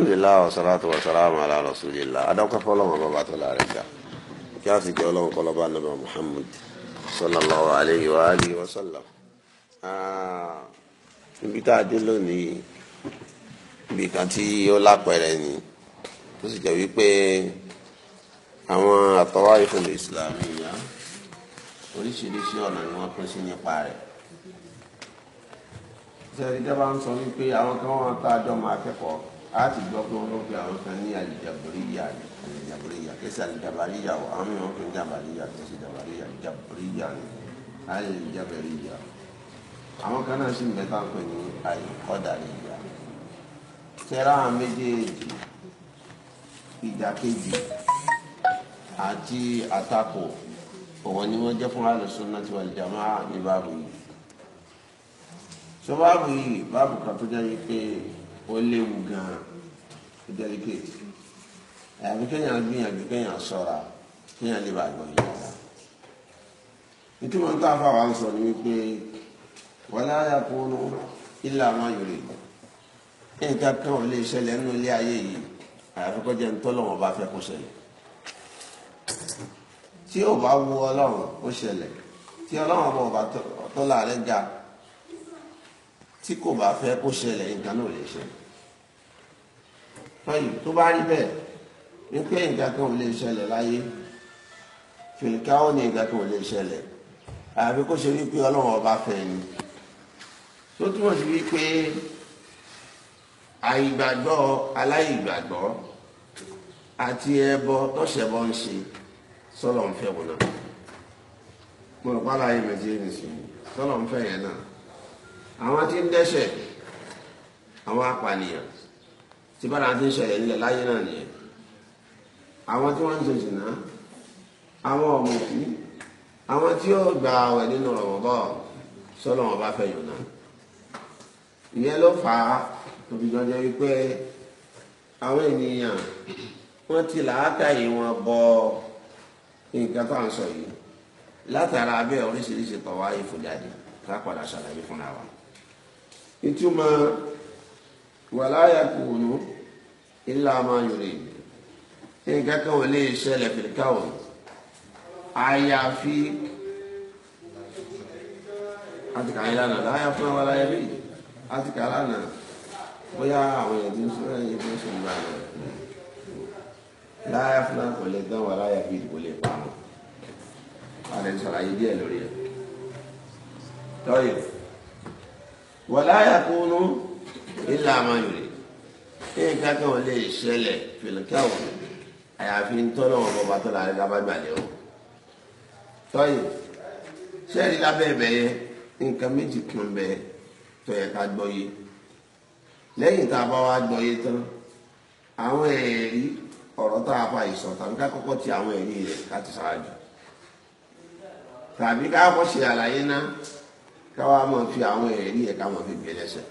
alhamdulilayi wa salatu wa salamu ala rasulillah adakọfọ ọlọmọ bàbá tó láàrin ga kí a sì jẹ ọlọmọ kọlọba nàbà muhammad sallallahu alayhi wa alihi wa sallam ibi tá a dé lónìí ibi kan tí ó lápẹẹrẹ ni tó sì jẹ wípé àwọn àtọwá ìfúnni ìsìlámù ìyá oríṣiríṣi ọ̀nà ni wọ́n pín sí nípa rẹ̀ sẹ́ẹ̀dí dábàá ń sọ wípé àwọn kan wọ́n tá jọ máa kẹ́kọ̀ọ́ a ti gbọ́ pé wọ́n pe àwọn kan ní alìjàbíríyà ni alìjàbíríyà kí sẹ́ alìjàbáríyà o àwọn mìíràn pé jàbáríyà kí sẹ́ jàbáríyà jàbíríyà ni alìjàbíríyà àwọn kan náà sì ń bẹ́tà pé ní àyíkọ́dàríyà tẹ́lá àwọn méjèèjì ìdàkejì àti àtakò òun ni wọ́n jẹ́ fún alùsùnnati wal jamaa ní báàbù yìí sọ báàbù yìí báàbù kan tó jẹ́ pé ó léwu gan-an delicate àyàfi kéèyàn gbìyànjú kéèyàn ṣọ́ra kéèyàn lè bá gbọ́ yìí dáadáa nítorí wọn tó àfa wa ń sọ ni wípé wọn láyà kúrú ilé àwọn ayòrè nǹkan kan ò lè ṣẹlẹ̀ nínú ilé ayé yìí àyàfi kọjá ń tọ́lọ̀ wọn bá fẹ́ kó ṣẹlẹ̀ tí ò bá wu ọlọ́run ó ṣẹlẹ̀ tí ọlọ́run bọ̀ bá tọ́lá rẹ̀ ga tí kò bá fẹ́ kó ṣẹlẹ̀ nǹkan náà lè ṣẹlẹ̀ tọ́yì tó bá rí bẹ́ẹ̀ wípé nǹkan kan ò lè ṣẹlẹ̀ láyé fìlìkà ó ní nǹkan kan ò lè ṣẹlẹ̀ àbí kó ṣe wípé ọlọ́run ọba fẹ́ ni tó túmọ̀ sí wípé àìgbàgbọ́ aláìgbàgbọ́ àti ẹbọ tọ́sẹ̀bọ ń ṣe sọ́lọ̀ ń fẹ́ wọn náà mo rò pálá ayé méjì nìsín sọ́lọ̀ ń fẹ́ yẹn náà àwọn tí ń dẹ́ṣẹ̀ àwọn apànìyàn tí bára ti ń ṣẹlẹ̀ nílẹ̀ láyé náà nìyẹn àwọn tí wọ́n ń ṣe ṣìnà àwọn ọmọ òfin àwọn tí yóò gba àwẹ̀ nínú rọ̀mọ́bọ̀ sọ́nà ọba fẹ̀yìn náà ìyẹn ló fà á òbí jọjọ wípé àwọn ènìyàn wọ́n ti làákàyè wọn bọ nǹkan tó à ń sọ yìí látara abẹ́ oríṣiríṣi tọ̀wá ìfòjáde ká padà fúnra wa ìtumọ̀ wàlá yakunu illa ma yurid nǹkan kan ò lè ṣẹlẹ̀ fìdíkàwọ̀ àyàfi àti kàá ìlànà láyà fún wa láyà bí àti kàá lànà bóyá àwọn èèyàn ti ń sọ ẹyẹ tó ń sọ nígbà náà láyà fún wa kò lè dán wa láyà bí lè pa wọn àlẹ́ ṣàlàyé díẹ̀ lórí ẹ̀ tọ́yẹ̀ wàlá yakunu. ilà amáyòrè ní nǹkan kan lè ṣẹlẹ̀ fìlìkẹ́wọ̀n àyàfi ń tọ́ lọ́wọ́ bọ́ba la rẹ̀ lábàgbà lẹ́wọ̀ tọ́yì sẹ́ẹ̀rì lábẹ́ ẹ̀bẹ̀ nǹkan méjì kan bẹ tó ká gbọ́ yé lẹ́yìn tá a bá wá gbọ́ yé tán àwọn ẹ̀rí ọ̀rọ̀ tá a fa ìsọ̀ tàbí ká kọ́kọ́ ti àwọn ẹ̀rí rẹ̀ ká ti ṣáájú tàbí ká kọ́ ṣe àlàyé náà ká wá fi àwọn ẹ̀rí yẹ ká fi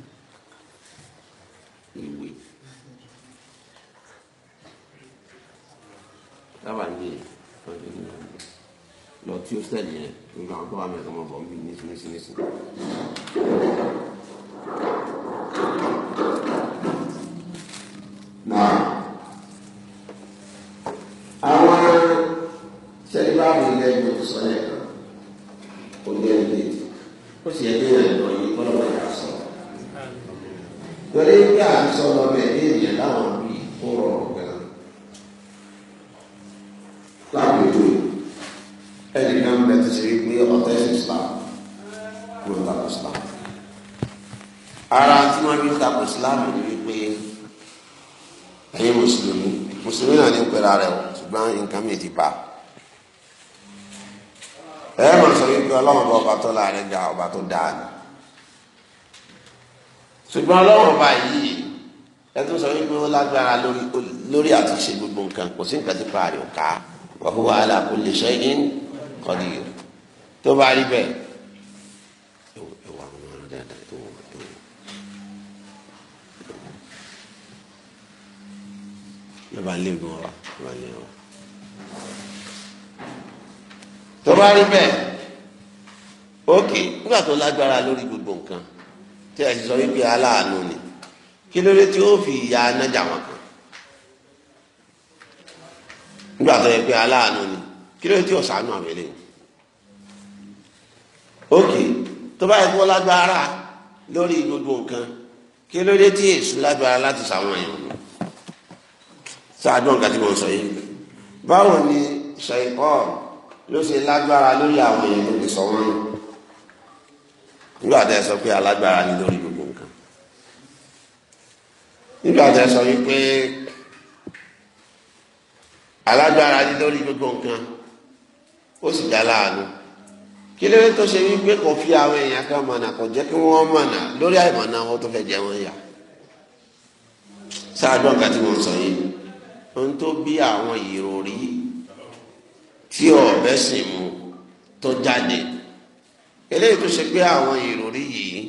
ìwé dábàá ń gbé ní ìlànà lọ tí ó sẹ́lì yẹn nígbà tó wà mẹ́ta ọmọ bọ̀ ń bí nísinsìnyí. náà. islam ni wípé ẹ̀yin mùsùlùmí mùsùlùmí náà ní pẹ̀lú rẹ̀ ṣùgbọ́n nǹkan méjì bá ẹ máa sọ wípé ọlọ́run bá ọba tó láàrin ga ọba tó dáa ni ṣùgbọ́n ọlọ́run bá yìí ẹ tó sọ wípé ó lágbára lórí àtúnṣe gbogbo nǹkan kò sí nǹkan tí parí ò ká wa huwa ala kulli shay'in qadir tó bá rí bẹ́ẹ̀. ló bá léegun wa ló bá léegun wa. tó bá rí bẹ́ẹ̀ ókè nígbà tó lágbára lórí gbogbo nǹkan tí a sì sọ wípé aláàánú ni kí ló dé tí ó fi ìyà anájà wọn kan nígbà tó yẹ pé aláàánú ni kí ló dé tí ó àmẹ́lẹ́ ókè tó bá yẹ kó lágbára lórí gbogbo nǹkan kí ló dé tí èṣù lágbára láti sàwọn èèyàn sáájú nǹkan tí mo sọ yìí báwo ni ṣèkọ́ ló ṣe lágbára lórí àwọn èèyàn tó lè sọ wọn nù nígbà tẹ sọ pé alágbára ni lórí gbogbo nǹkan nígbà tẹ sọ wípé alágbára ni lórí gbogbo nǹkan ó sì dá láàánú kí lóore tó ṣe wípé kò fi àwọn èèyàn kan mọ̀nà kò jẹ́ kí wọ́n mọ̀nà lórí àìmọ̀nà wọn tó fẹ́ jẹ wọ́n yà sáájú nǹkan tí mo sọ yìí ohun tó bí àwọn ìròrí tí ọ̀bẹ sì mú tó jáde eléyìí tó ṣe pé àwọn ìròrí yìí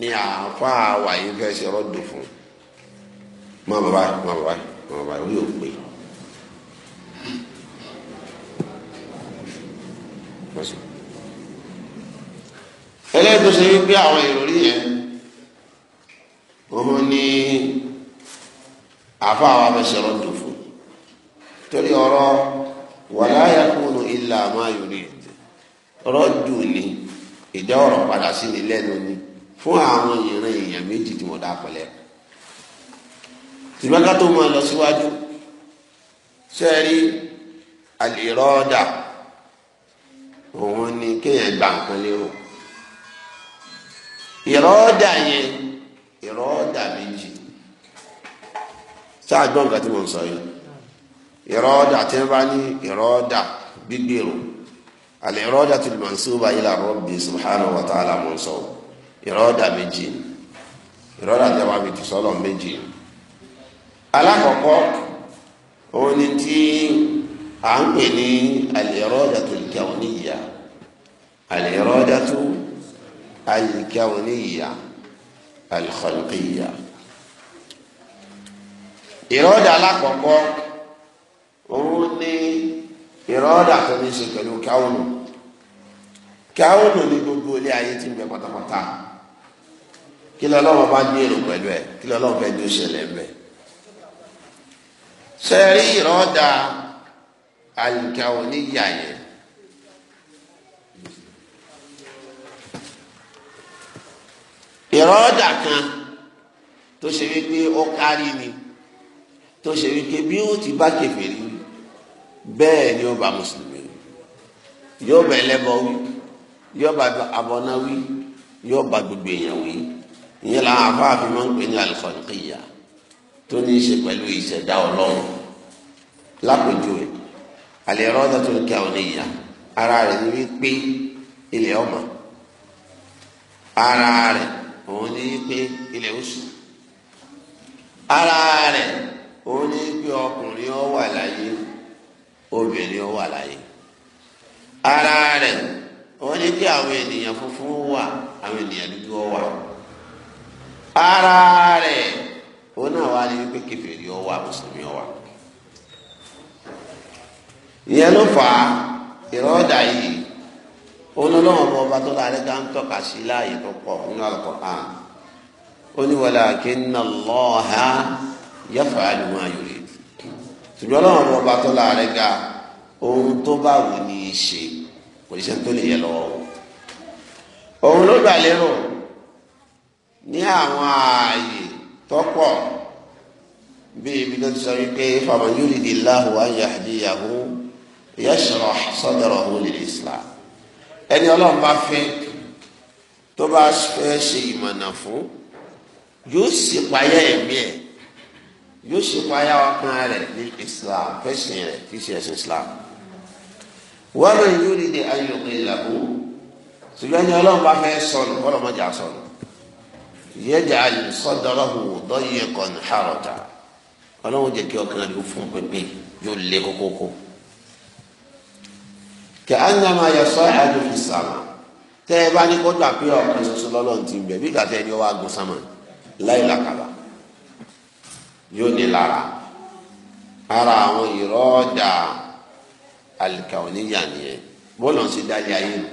ni àáfàá wà yìí fẹ́ ṣe rọ́dùn fún mọ bàbá mọ bàbá mọ bàbá ó yóò pè eléyìí tó ṣe wípé àwọn ìròrí yẹn òun ni àfa àwọn abẹ́sẹ̀rọ̀ tó fún torí ọ̀rọ̀ wàlá yakunu illa ma yurid rọ́jù ni ìdá ọ̀rọ̀ padà sí ni lẹ́nu ni fún àwọn ìran èèyàn méjì tí mo dá pẹ̀lẹ́ tìmọ́ká tó máa lọ síwájú ṣe rí òun ni kéèyàn gba nǹkan lérò ìrọ́ọ̀dà yẹn ìrọ́ọ̀dà méjì sáà gbọ́n nǹkan tí mo ń sọ yìí ìrọ́dà tí wọ́n bá ní ìrọ́dà gbígbèrò àlè ìrọ́dà tó lè mọ̀ sí ọba yìí làrọ́ bí subhanahu wa ta'ala mo ń sọ ìrọ́dà méjì ìrọ́dà tí wọ́n fi tù sọ́lọ̀ méjì alákọ̀ọ́kọ́ òun ni tí à ń pè ní àlè ìrọ́dà tó lè kẹwọn níyà àlè ìrọ́dà tó alìkẹwọn níyà alìkọ̀ọ́kìyà ìrọ́dà alákọ̀ọ́kọ́ òun ní ìrọ́dà tó ní ṣe pẹ̀lú káwọnù káwọnù ní gbogbo ilé ayé tí ń bẹ pátápátá kí lọ́lọ́wọ́ bá ní èrò pẹ̀lú ẹ̀ kí lọ́lọ́wọ́ fẹ́ ní ó ṣẹlẹ̀ ń sẹ́rí ìrọ́dà àyíkáwọ̀ níyà yẹn ìrọ́dà kan tó ṣe wípé ó kárí ni tó ṣe wípé bí ó ti bá kèfèrí bẹ́ẹ̀ ni ó bá mùsùlùmí yóò bá ẹlẹ́bọ wí yóò bá abọ́ná wí yóò bá gbogbo èèyàn wí ìyẹn làwọn afáàfin máa ń pè ní al tó ní í ṣe pẹ̀lú ìṣẹ̀dá ọlọ́run lápèjúwe al-iradatul kawniyya ara rẹ̀ ni wípé ilẹ̀ ọmọ ara rẹ̀ òun ni wípé ilẹ̀ oṣù ara rẹ̀ ó ní pé ọkùnrin ó wà láyé obìnrin ó wà láyé ara rẹ̀ ó ní pé àwọn ènìyàn funfun ó wà àwọn ènìyàn dúdú ó wà ara rẹ̀ ó náà wá ní pé kèfèrí ó wà mùsùlùmí ó wà ìyẹn ló fà á ìrọ́dà yìí olólùwọ̀n bọ̀ ọba tó láàrin ká ń tọ́ka sí láàyè tó pọ̀ nínú Al-Qur'an ó ní walakinna Allaha yẹ́fà àlùmọ́ ayòrè ṣùgbọ́n ọlọ́run ọba tó láàrin ga ohun tó bá wù ní í ṣe kò ní ṣe tó lè yẹ lọ́wọ́ òun ló gbà lérò ní àwọn ààyè tó pọ̀ bí ibi tó ti sọ wípé faman yuridillahu an yahdiyahu yashrah sadrahu lil islam ẹni ọlọ́run bá fẹ́ tó bá fẹ́ ṣe ìmọ̀nà fún yóò sì payẹ́ ẹ̀mí ẹ̀ yóò ṣe payá ọkàn rẹ̀ ní islam fẹsìn rẹ̀ tí ṣe ẹsìn islam wọn náà yóò rí de ayọkẹ ìlàkó ṣùgbọ́n ní ọlọ́run bá fẹ́ sọnù ọlọ́run má jà sọnù yẹjà àlùsọdọrọhùn dọyẹ kan hàrọta ọlọ́run jẹ́ kí ọkàn rẹ̀ fún pépé yóò lé kókókó kẹ anamọ ayọsọ àdùn ìsàmà tẹ ẹ bá ní kó dà pé ọkàn ṣoṣo lọ́lọ́run ti bẹ bí gàtẹ ni ó wá gùn sámà yóò ní lára ara àwọn ìrọ́ọ̀dà alìkàwọ́níyà nìyẹn bọ́ọ̀lù ọ̀hún sì dálé ayé nù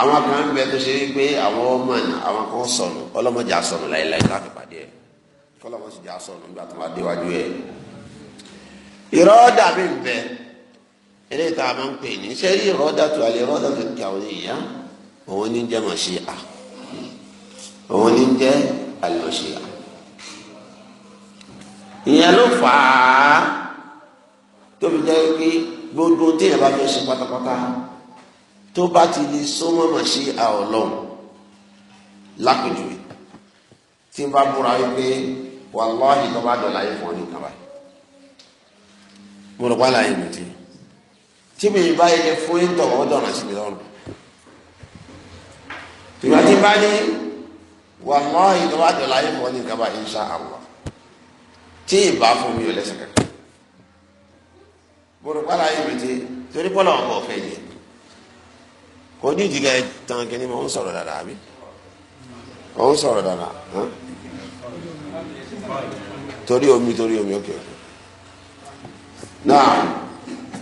àwọn kan ń bẹ tó ṣe wípé àwọn ọmọ àná àwọn kan sọnù ọlọ́mọdé àsọnù láéláé láti pàdé ẹ̀ kọ́lọ́mọ sì jẹ́ àsọnù nígbà tó máa déwájú ẹ̀ ìrọ́ọ̀dà mi ń bẹ eré ìta máa pè ní ṣé ìrọ́ọ̀dà tó àlè ìrọ́ọ̀dà tó kàwọ́níyà òun ní jẹ́ mọ̀ ṣe à òun ní jẹ́ àlè mọ̀ ṣe à ìyẹn ló fà á tó fi jẹ́ pé gbogbo téèyàn bá fẹ́ ṣe pátápátá tó bá ti di sọmọmọ sí àọlọ́run lápèjúwe tí n bá búra wípé wàláhì tó bá dọ̀là yìí fún ọ ní kaba mo rò pa láyé mi ti tí mi bá yẹ fún ìtọ̀ ọ̀dọ̀nà sí mi lọ́rùn ìgbà tí n bá ní wàláhì tó bá dọ̀là yìí fún ọ ní kaba insha Allah tí ìbá fún mi ò lẹ́sẹ̀ kankan bọ̀dọ̀ pàlà yìí mi ti torí pọ́lá wọn bọ̀ fẹ́ yẹ kò ní ìdílé tán kìíní mọ̀ ń sọ̀rọ̀ dáadáa mi ọ̀ ń sọ̀rọ̀ dáadáa torí omi torí omi òkè òkè náà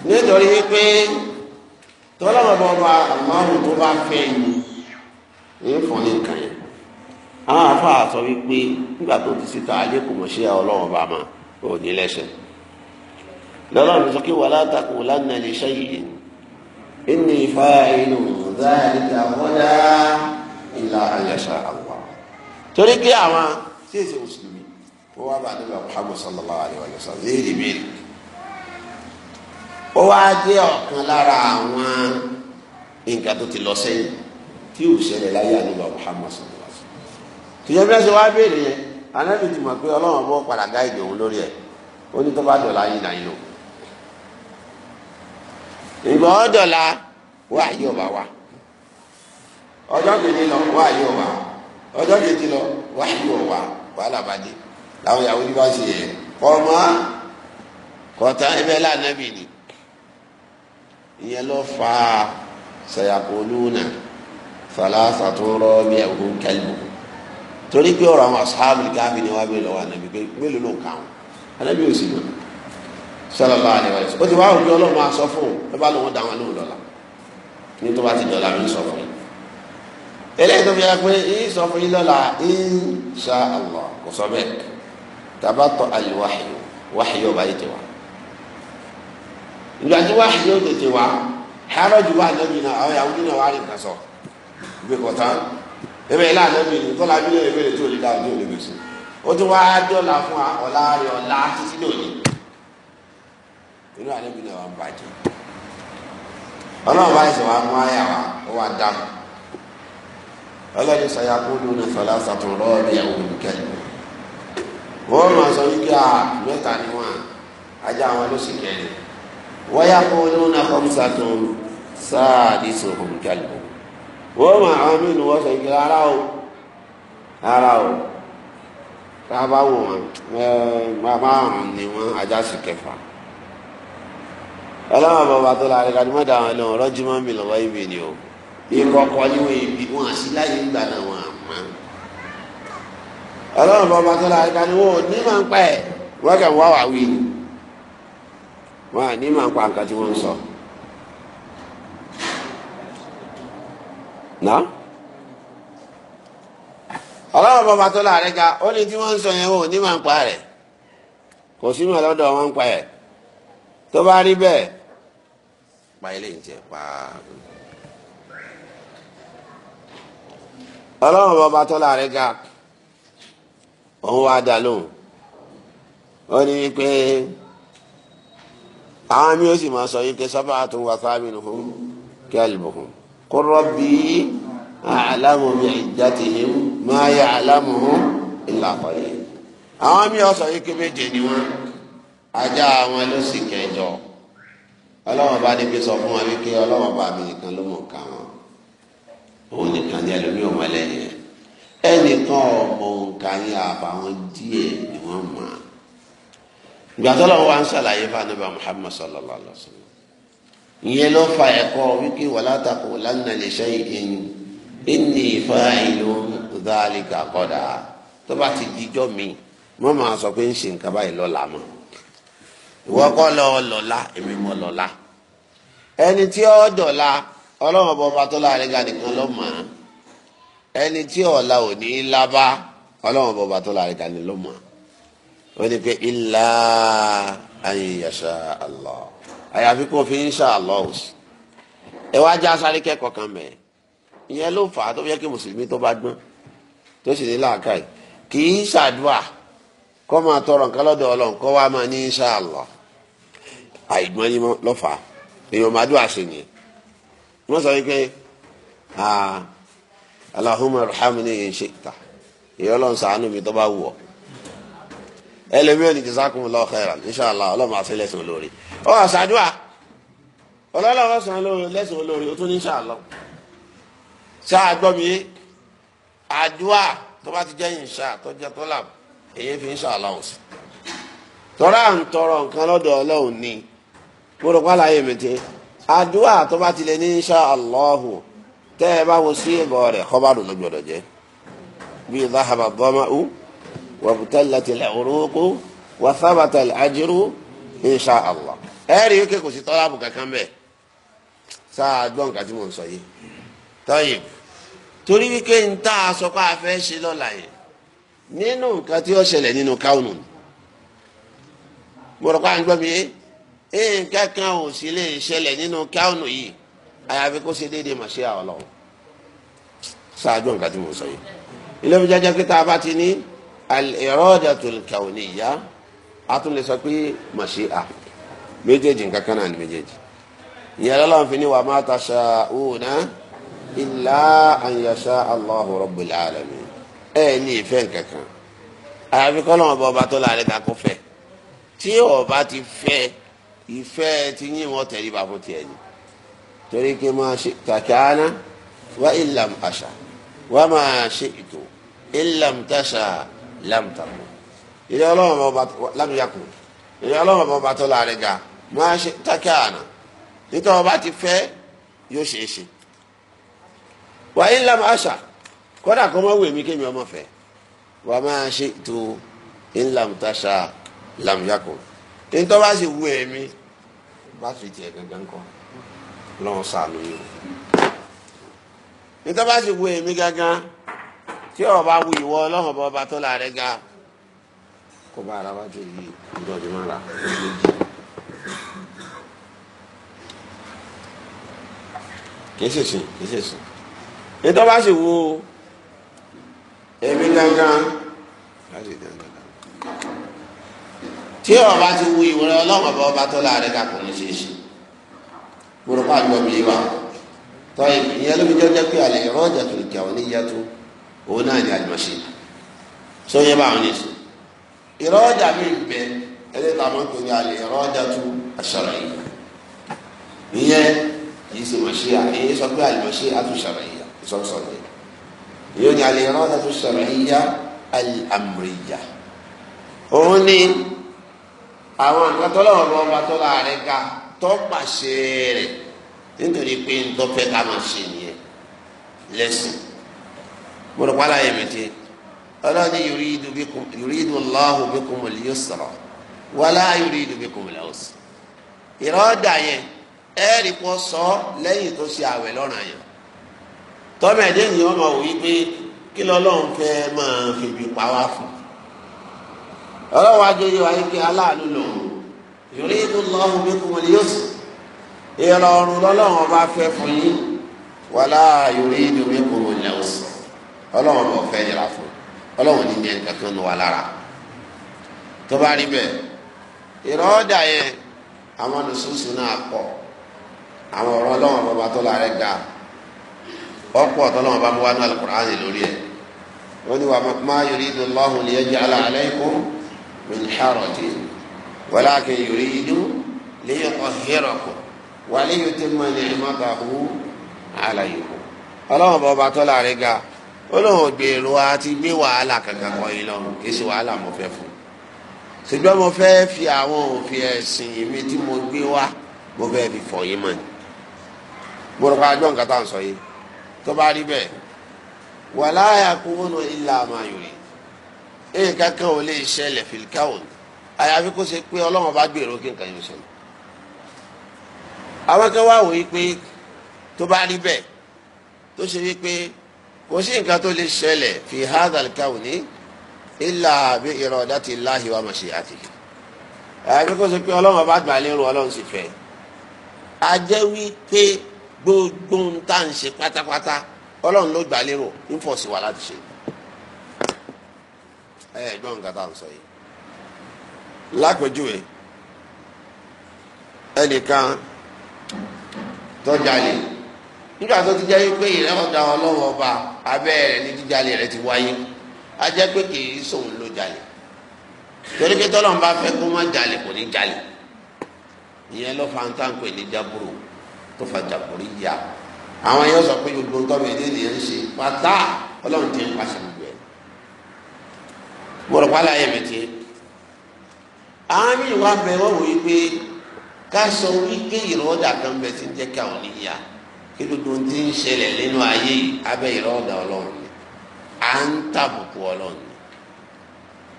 nítorí pé tọ́lá bá àmọ́ àwọn tó bá fẹ́ yìí ń fọ́ ní nǹkan yẹn àwọn àfáà sọ wípé nígbà tó ti síta alẹ́ kò mọ̀ ṣe ọlọ́run bá ma ò ní lẹ́sẹ̀ lọ́lọ́run sọ pé wàlá takò lánàá lè ṣe yìí inni fa'ilu dhalika wọ́dà ìlà àyàṣà àwọ̀ torí pé àwọn tí èsì mùsùlùmí wọ́n wá bá àdúgbò Muhammad sallallahu alayhi wa sallam léèrè béèrè ó wá jẹ́ ọ̀kan lára àwọn nǹkan tó ti lọ sẹ́yìn tí ò ṣẹlẹ̀ láyé àdúgbò Muhammad sallallahu. tìjẹ́ bí wọ́n ṣe wá béèrè yẹn anábì ti mọ̀ pé ọlọ́run bọ́ padà gá ìdè òun lórí ẹ̀ ó ní tó bá dọ̀la yìí náà yìí nù. ìgbà ọ̀dọ̀la wà wa ọjọ́ kejì lọ wà yìí ọ̀bà ọjọ́ kejì lọ wà yìí ọ̀bà wàhálà bàjẹ́ làwọn ìyàwó bá ṣe yẹ ni ìyẹn fa sayakulu torí pé ọ̀rọ̀ àwọn asáàbù káfí ni wàá bèèrè lọ́wọ́ ànábì pé mélòó ló ń ka wọn ànábì ò sì mọ̀ sọlọ́lá àdìwáyé ó ti wá òbí ọlọ́run máa sọ fún un ẹ bá lóun dá wọn lóun dọ̀la ní tó bá ti dọ̀la mi sọ fún yín eléyìí tó fi yà pé yín sọ fún yín lọ́la insha allah kò sọ bẹ́ẹ̀ tabatọ̀ aliwahiyo wahiyo bá yìí ti wá ìgbà tí wahiyo tètè wá hàrọ̀ jù wá ànábì ebe ilé anabi ni tọ́lá bí lóye béèrè tí olùdá òní òní gbèsè ó ti wá dọ́là fún wa ọ̀la rẹ̀ ọ̀la títí lónìí inú anabi náà wà ń bàjẹ́ ọlọ́run bá ṣe wá mú àyà wa ó wá dáhùn ọlọ́run sọ̀yà kó lóore sọ̀lá sàtúrọ̀ ọ̀rẹ́ ìyàwó olùkẹ́lẹ̀ wọ́n máa sọ wípé a mẹ́ta ni wọ́n ajá wọn ló sì kẹ́lẹ̀ wọ́n yà kó lóore náà kọ́ wọ́n mọ̀ àwọn wọ́n sọ ìgbà ara o ara a bá wọn bàbá àrùn ni wọ́n ajá sí kẹfà ọlọ́wọ́n bàbá tó la rẹ̀ kàdúmọ̀ dà wọn lọ́wọ́ rọ́jú mọ́ mi lọ́wọ́ ni o ìkọ̀kọ̀ ni ibi wọn àti láyé ń náà wọn àmọ́ ọlọ́wọ́n bàbá tó la rẹ̀ kàdúmọ̀ máa ń wọ́n kẹ́ wọ́n wà wí ní máa ń sọ. ná. ọlọ́run bàbá tó láàrẹ́ ga ó ní tí wọ́n ń sọ yẹn wọn ní máa ń pa rẹ̀ kò sí mọ̀ lọ́dọ̀ wọn ń pa ẹ̀ tó bá rí bẹ́ẹ̀ pa ilé ìjẹ pa. ọlọ́run bàbá tó ga òun wá sọ pé sábà tó wà sábà قل ربي أعلم بعدتهم ما يعلمهم إلا قليل àwọn mi ọsọ yìí ké méje ni wọn ajá wọn ló sì kẹjọ ọlọ́wọ́n bá ní pé sọ fún wọn wípé ọlọ́wọ́n bá mi nìkan ló mọ̀ ká wọn òun nìkan ni ẹlòmíì ò mọ lẹ́yìn ẹnìkan ọmọ òǹkà yẹn àbàwọn díẹ̀ ni wọ́n mọ̀ ìgbà tó lọ́wọ́ wa fún anábà Muhammad sallallahu alaihi ìyẹn ló fa ẹ̀kọ́ wíkí wà látàkù lánàá lè ṣe ìyẹn ìní ìfà ìlú dálíkà kọ́dà tó bá ti dijọ́ mi wọ́n máa sọ pé ń ṣe nǹkan báyìí lọ́la mọ́ ìwọ kọ́ lọ lọ́la èmi mọ́ lọ́la ẹni tí ó dọ̀la ọlọ́run bọba tó láàrin ga nìkan ló mọ̀ ẹni tí ọ̀la ò ní í lábá ọlọ́run tó láàrin ga nìkan ló mọ̀ ó ní pé ilà ayé yasha Allah àyàfi kó fi ń ṣàlọ́ òsì ẹ wá já sáré kẹ́kọ̀ọ́ kan mẹ́ ìyẹn ló fà á tó yẹ kí mùsùlùmí tó bá gbọ́n tó sì ní làákàyè kì í ṣàdúà kó máa tọrọ nǹkan lọ́dọ̀ ọlọ́run kó wá máa ní ṣàlọ́ àìgbọ́n yín ló fà á èèyàn máa dúà sí nìyẹn wọ́n sọ wípé Allahumma irhamni in shi'ta èèyàn lọ́n sàánú mi tó bá wù ọ́ ẹlẹ́mìíràn ní jazakumullahu khairan inshallah ọlọ́run ọ àṣàdúà ọlọ́lọ́wọ́ sàn lóore lẹ́sìn olóore ó tún ní sàlọ sáà gbọ́ mi yé àdúà tó bá ti jẹ́ ìṣá tọ́jà tó là èyí fi ń ṣàlàyé sí tọ́ra à ń tọrọ nǹkan lọ́dọ̀ ọlọ́run ni gbọ́dọ̀ pàlà yé mi tẹ́ àdúà tó bá ti lè ní insha Allahu tẹ́ ẹ bá wo sí ìbọ̀ rẹ̀ kọ́bàdùn ló gbọ́dọ̀ jẹ́ bíi dhahaba dhama'u wa butallatil uruqu wa thabata al ajru insha Allah ẹ rí i pé kò sí tọ́lábù kankan bẹ́ẹ̀ sáà gbọ́n nǹkan tí mò ń sọ yìí tọ́yìn torí wípé ń tá a sọ pé a fẹ́ ṣe lọ́la yẹn nínú nǹkan tí ó ṣẹlẹ̀ nínú káwọn nù mo rọ̀ pé à ń gbọ́ mi yé nǹkan kan ò sì lè ṣẹlẹ̀ nínú káwọn yìí àyàfi kó ṣe déédéé mà ṣe àwọn lọ́wọ́ sáà gbọ́n nǹkan tí mò ń sọ yìí ilé mi jẹ́jẹ́ pé tá a bá ti ní al-iradatul kawniyya a tún lè sọ pé mà ṣe àwọn méjèèjì nǹkan kan náà ni méjèèjì ìyẹn lọ́lọ́run fi ní wa ma tasha'una illa an yasha Allahu rabbul alamin ẹ ní ìfẹ́ nǹkan kan àyàfi kọ́lọ́run ọba ọba tó láàrin ká kó fẹ́ tí ọba ti fẹ́ ìfẹ́ ti yín wọn tẹ̀lé bá fún tiẹ̀ ni torí kí ma shi'ta kana wa illam asha wa ma shi'tu illam tasha lam takun ìdí ọlọ́run ọba lam yakun ìdí ọlọ́run ọba tó láàrin ká máa ṣe tákà àná nítorí ọba ti fẹ́ yóò ṣe é ṣe wàyí ńlá máa ṣà kódà kó má wèmí kémi ọmọ fẹ́ wà máa ṣe tó ńlá mu táṣà làmúyàkọ nítorí bá ṣe wú ẹ̀mí bá ṣe tiẹ̀ gangan kọ́ lọ́wọ́ sànú yìí o nítorí bá ṣe wú ẹ̀mí gangan tí ọba wù ìwọ ọlọ́run ọba tó la rẹ̀ ga kó bá ara wájú yìí ìdọ̀dí máa ra kì í ṣèṣe kì í ṣèṣe nítorí bá ṣe wo ẹ̀mí gangan láti gangan tí ọba ti wu ìwúrẹ́ ọlọ́run ọba ọba tó láàrin kakò ní ṣeéṣe gbọ́dọ̀pá àgbọ̀ mi wà tọ́ ìyẹn ló fi jẹ́ jẹ́ pé àlẹ́ ìran ọjà tó jà òní yẹ tó òun náà ní àjọṣe sọ yẹ bá àwọn èso ìran ọjà mi bẹ ẹlẹ́ta mọ́tò ní àlẹ́ ìran ọjà tó àṣàrà yìí ìyẹn yìí ṣe mọ̀ṣíà èyí sọ pé àlùmọ̀ṣí àtúnṣàrẹ̀yà ìsọ̀sọ̀rẹ̀ yóò ní alẹ́ ìrọ́lẹ̀ àtúnṣàrẹ̀yà àmìrìyà òun ni àwọn nǹkan tó lọ́wọ́ lọ́wọ́ bá tó láàrẹ̀ ga tó pàṣẹ rẹ̀ nítorí pé ń tó fẹ́ ká máa ṣe nìyẹn lẹ́sìn mo rò pálá yẹn mi ti ọlọ́ni yuridu Allahu bikumul yusra wala yuridu bikumul usra ìrọ́dà yẹn. ẹ̀rí pọ̀ sọ lẹ́yìn tó ṣe àwẹ̀ lọ́ràn yẹn tọ́mọ̀ ẹ̀dẹ́ yìí wọ́n máa wò yí pé kí lọ́lọ́run fẹ́ máa fèbí pa wá fún ọlọ́wọ́ adóyè wa pé aláàánú lòun ìrírí inú lọ́hùn bí kò wọlé yóò ìrọ̀rùn lọ́lọ́run ọba fẹ́ fún yín wàlá ìrírí inú bí kò wọlé yóò ọlọ́run ọba yẹra wà lára tó bá rí bẹ́ẹ̀ yẹn àwọn àwọn ọ̀rọ̀ ọlọ́wọ́n bàbá tó la rẹ̀ ga ọ̀pọ̀ ọ̀tọ́lọ́wọ́n bá mú wá ní alukur'an lórí ẹ̀ wọ́n ní wà má yuridu Allahu liyaj'ala alaykum min harajin walakin yuridu liyutahhirakum wa liyutimma ni'matahu alaykum ọlọ́wọ́n bàbá tó la rẹ̀ ga olóhùn gbèrò àti gbé wàhálà kankan kọ́ yín lọ́rùn kí wàhálà mo fẹ́ fún ṣùgbọ́n mo fẹ́ fi àwọn òfin ẹ̀sìn mi tí mo gbé wá mo fẹ́ fi fọ̀ yín mọ́ gbọ́dọ̀kọ́ ajọ́ nǹkan tá à ń sọ yìí tó bá rí bẹ́ẹ̀ wala yakunu illa ma yuri èyí kankan ò lè ṣẹlẹ̀ fil kawn àyàfi kó ṣe pé ọlọ́run bá gbèrò kí nǹkan yóò ṣẹlẹ̀ àwọn kan wá wòye pé tó bá rí bẹ́ẹ̀ tó ṣe wípé kò sí nǹkan tó lè ṣẹlẹ̀ fi hadhal kawni illa bi iradati llahi wa mashi'atihi àyàfi kó ṣe pé ọlọ́run bá gbà lérò ọlọ́run sì fẹ́ a jẹ́ wípé gbogbo ń tá à ń ṣe pátápátá ọlọ́run ló gbà lérò ń fọ̀ sí wa láti ṣe. ẹ ẹ gbọ́n nǹkan tá à ń sọ yìí. lápèjúwe ẹnìkan tọ́jalè nígbà tó ti jẹ́ pé ìrẹ́wọ̀dà ọlọ́wọ́ ọba abẹ́ rẹ̀ ní jíjalè rẹ̀ ti wáyé a jẹ́ pé kì í sòun ló jalè torí pé tọ́lọ́run bá fẹ́ kó má jalè kò ní jalè ìyẹn ló fa ń tàn pé ní jábúrò tó fa jàpòrí yá àwọn yẹn sọ pé gbogbo ntọ́mi ẹ̀dẹ́ nìyẹn ń ṣe pátá ọlọ́run ti ń pàṣẹ gbogbo ẹ̀ gbọ́dọ̀ pálá yẹ mẹ́tì àwọn míì wá bẹ wọ́n wò yí pé ká sọ wípé ìrọ̀dà kan bẹ ti ń jẹ́ káwọn níyà kí gbogbo ti ń ṣẹlẹ̀ nínú ayé abẹ́ ìrọ̀dà ọlọ́run ni à ń tàbùkù ọlọ́run ni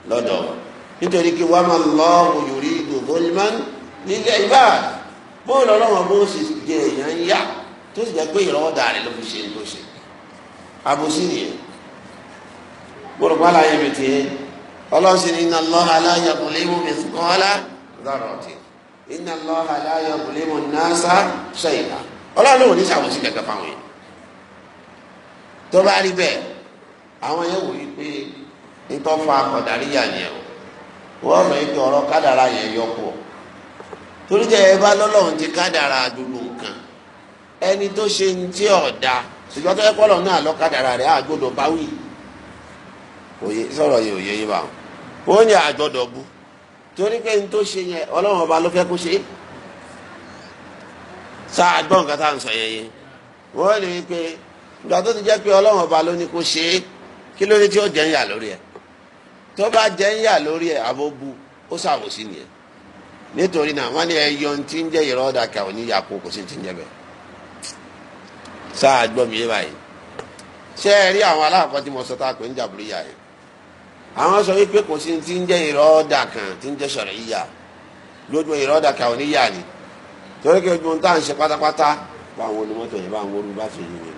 lọ́dọ̀ nítorí kí wàá máa lọ́ọ́ wòyòrí ìdòbó ní nílẹ̀ ìbáà bóyá ọlọ́wọ́n bó ṣe jẹ èèyàn yá tó sì jẹ́ pé ìrọ́wọ́ dàrí ló fi ṣe ń tó ṣe àbòsí nìyẹn gbọ́dọ̀ pa láyé mi tiẹ̀ ọlọ́run sì ní iná lọ́ha láyé ọkùnrin mú mi kàn án lá lọ́rọ̀ ọ̀tí iná lọ́ha láyé ọkùnrin mú náṣá ṣẹ̀yìnà ọlọ́run ò ní ṣàbòsí kankan fáwọn yẹn tó bá rí bẹ́ẹ̀ àwọn yẹn wò pé nítọ́ ọ̀dàríyà yẹn wọ́n mọ̀ ẹ́ pé kádàrá yẹn yọ pọ̀ torí jẹ́ ẹ bá lọ́lọ́run ti kádàrà gbogbo nǹkan ẹni tó ṣe ń tí ọ̀dà ṣùgbọ́n tó yẹ kọ́ lọ́nà àlọ́ kádàrà rẹ̀ àgbọ̀dọ̀ báwì òye sọ̀rọ̀ yìí òye yìí bá wọn ó ní àgbọ̀dọ̀ bu torí pé tó ṣe yẹn ọlọ́run ọba ló fẹ́ kó ṣe sa àgbọ̀n nǹkan tá à ń sọ yẹn yẹn pe ìgbà tó ti jẹ́ ọba ló ní kó ṣe é kí ló ní tí ó jẹ́ ń yà lórí ẹ̀ tó bá jẹ́ ń nítorí náà wọ́n ní ẹyọ tí ń jẹ́ ìrọ́dà kà òní yà kó kò sí ti ń jẹ́ bẹ́ẹ̀ sáà gbọ́ mi yé báyìí ṣé ẹ rí àwọn aláàkọ́ tí mo sọ tá a pè ń jàbúrí yà yìí àwọn sọ wípé kò sí ti ń jẹ́ ìrọ́dà kan tí ń jẹ́ sọ̀rọ̀ yíyà lójú ìrọ́dà kà òní yà ni torí kí ojú tá à ń ṣe pátápátá báwọn onímọ́tò yẹn báwọn orú bá fi yìí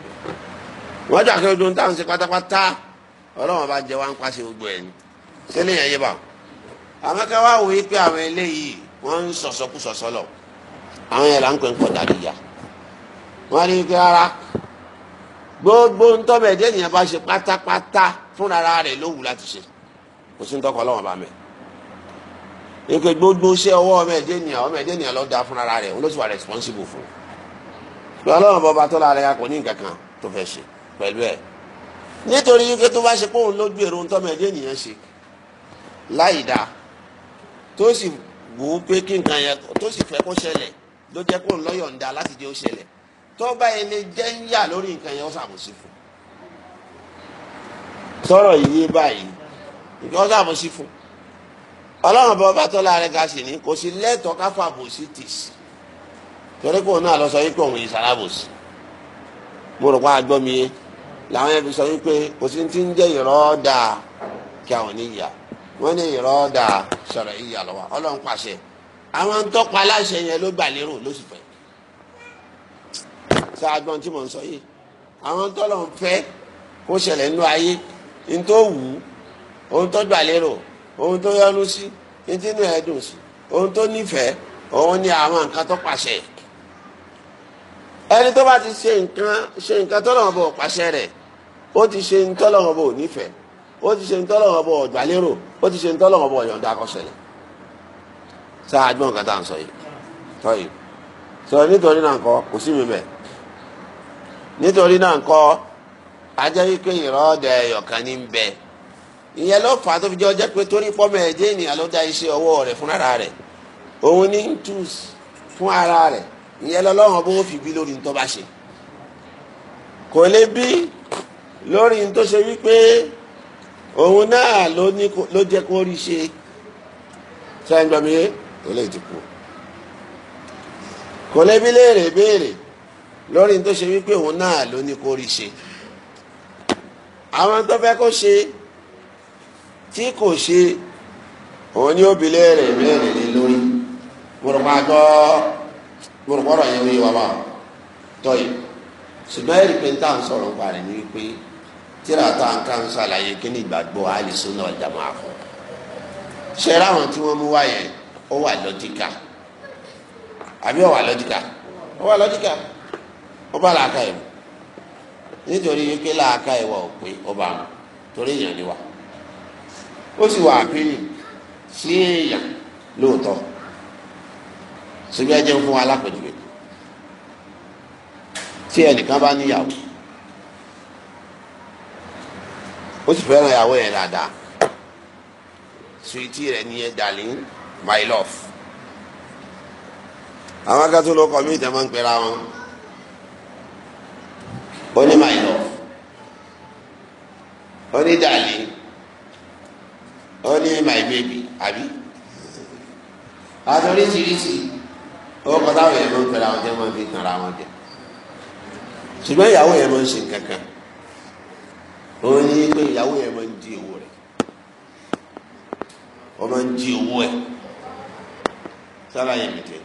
wọ́n jà kí ojú tá à ń ṣe pátápátá ọlọ́wọ́n bá jẹ wá ń pàṣẹ gbogbo ẹ̀ ní sílẹ̀ yẹn yé bá àwọn akẹ́wà wò yí àwọn eléyìí wọ́n ń sọ̀sọ́kú sọ̀sọ́ lọ àwọn yẹn là ń pè ń kọ̀dàríyà wọ́n rí i pé ara gbogbo ntọ́mọ̀ ẹ̀dẹ́ ènìyàn bá ṣe pátápátá fúnra rẹ̀ ló wù láti ṣe kò sí ntọ́kọ̀ ọlọ́wọ́n bá mẹ́ ike gbogbo ṣe ọwọ́ ọmọ ẹ̀dẹ́ ènìyàn ọmọ ẹ̀dẹ́ ènìyàn ló dá fúnra rẹ̀ òun ló responsible fún un ọlọ́wọ́n bọ́ bá tó lára ya kò ní nǹkan kan tó fẹ́ ṣe pẹ̀lú ẹ̀ nítorí ike tó bá ṣe pé òun ló gbèrò ntọ́mọ̀ ẹ̀dẹ́ ènìyàn ṣe láì dáa tó sì wò ó pé kí nǹkan yẹn tó sì fẹ́ kó ṣẹlẹ̀ ló jẹ́ kó ń lọ́yọ̀ǹda láti jẹ́ ó ṣẹlẹ̀ tó bá ni lè jẹ́ ń yà lórí nǹkan yẹn ó ṣàbòsí fún sọ̀rọ̀ yìí báyìí nǹkan ó ṣàbòsí fún ọlọ́run bá ọba tọ́lá rẹ̀ ká sì ní kò sí lẹ́tọ̀ọ́ ká fàbòsí tì sí torí kò náà lọ sọ wípé òun yìí ṣàlábòsí mo rò pé àgbọ̀ làwọn yẹn sọ wípé kò sí ti ń jẹ́ ìrọ́dà kí àwọn oníyà wọ́n ní ìrọ́dà sọ̀rọ̀ ìyá lọ́wọ́ ọlọ́run pàṣẹ àwọn tó pa aláṣẹ yẹn ló gbà lérò ló sì fẹ́ sọ agbọn tí mò ń sọ yìí àwọn tó lọ́n fẹ́ kó ṣẹlẹ̀ nínú ayé ní tó wù ú ohun tó gbà lérò ohun tó yọnu sí ní tí inú ẹ̀ dùn sí ohun tó nífẹ̀ẹ́ òun ni àwọn nǹkan tó pàṣẹ ẹni tó bá ti ṣe nǹkan ṣe nǹkan tó lọ́n bò pàṣẹ rẹ̀ ó ti ṣe ń tọ́lọ́n bò nífẹ̀ẹ́ ó ti ṣe ntọ́lọ́wọ́ bọ̀ ọ̀gbà lérò ó ti ṣe ntọ́lọ́wọ́ bọ̀ ọ̀yọ̀ǹda akọ́sẹ̀lẹ̀ sáà gbọ́n nǹkan tá à ń sọ yìí tọ́yì sọ nítorí náà kọ́ kò sí mi bẹ̀ nítorí náà kọ́ ajẹ́ wípé ìrọ́dẹ ẹ̀yọ̀kan ní bẹ ìyẹn ló fà á tó fi jẹ́ ọjọ́ pé torí pọ́mọ ẹ̀dẹ́ ènìyàn ló dá iṣẹ́ ọwọ́ rẹ̀ fún ara rẹ̀ òun ní ń fún ara rẹ̀ ìyẹn lọ́lọ́run bó fi bí lórí ntọ́ bá ṣe kò lè bí lórí ntọ́ ṣe wípé òun náà ló ní ló jẹ́ kó rí ṣe ṣàǹgbàmí tó lè ti kú kò lẹ́bi léèrè béèrè lórí tó ṣe wípé òun náà ló ní kó rí ṣe àwọn tó fẹ́ kó ṣe tí kò ṣe òun ní òbí léèrè béèrè lé lórí gbòròpá gbọ́ yẹn wíwá wà tọ́yì ṣùgbọ́n ẹ̀rí pé ń tà ń sọ̀rọ̀ parí ni wípé tíra tá à ń ṣàlàyé kí ni ìgbàgbọ́ àlìsúnà ọ̀jàmọ́ àkọ́ ṣe ráwọn tí wọ́n mú wá yẹn ó wà lọ́jíkà àbí ó wà lọ́jíkà ó wà lọ́jíkà ó bá làákà yẹn nítorí wípé làákà yẹn wà òpin ó bá mu torí èèyàn ni wà ó sì wà àpínì sí èèyàn lóòótọ́ ṣùgbọ́n ẹ jẹun fún wa alápèjúwe tí ẹnìkan bá níyàwó. ó sì fẹ́ràn ìyàwó yẹn dáadáa suwiti rẹ nìyẹn darling my love àwọn akátó ló kọ mí ìtẹ́ máa ń pera wọn ó ní my love ó ní darling ó ní my baby àbí àtọ́ríṣiríṣi owó kọ́tà àwọn yẹn máa ń pera wọn jẹ́ máa ń fi tàn ara wọn jẹ ṣùgbọ́n ìyàwó yẹn máa ń ṣe nǹkan ó ní ìyàwó yẹn máa ń di owó rẹ̀ wọ́n máa ń di owó ẹ̀ sára yẹn mi tẹ̀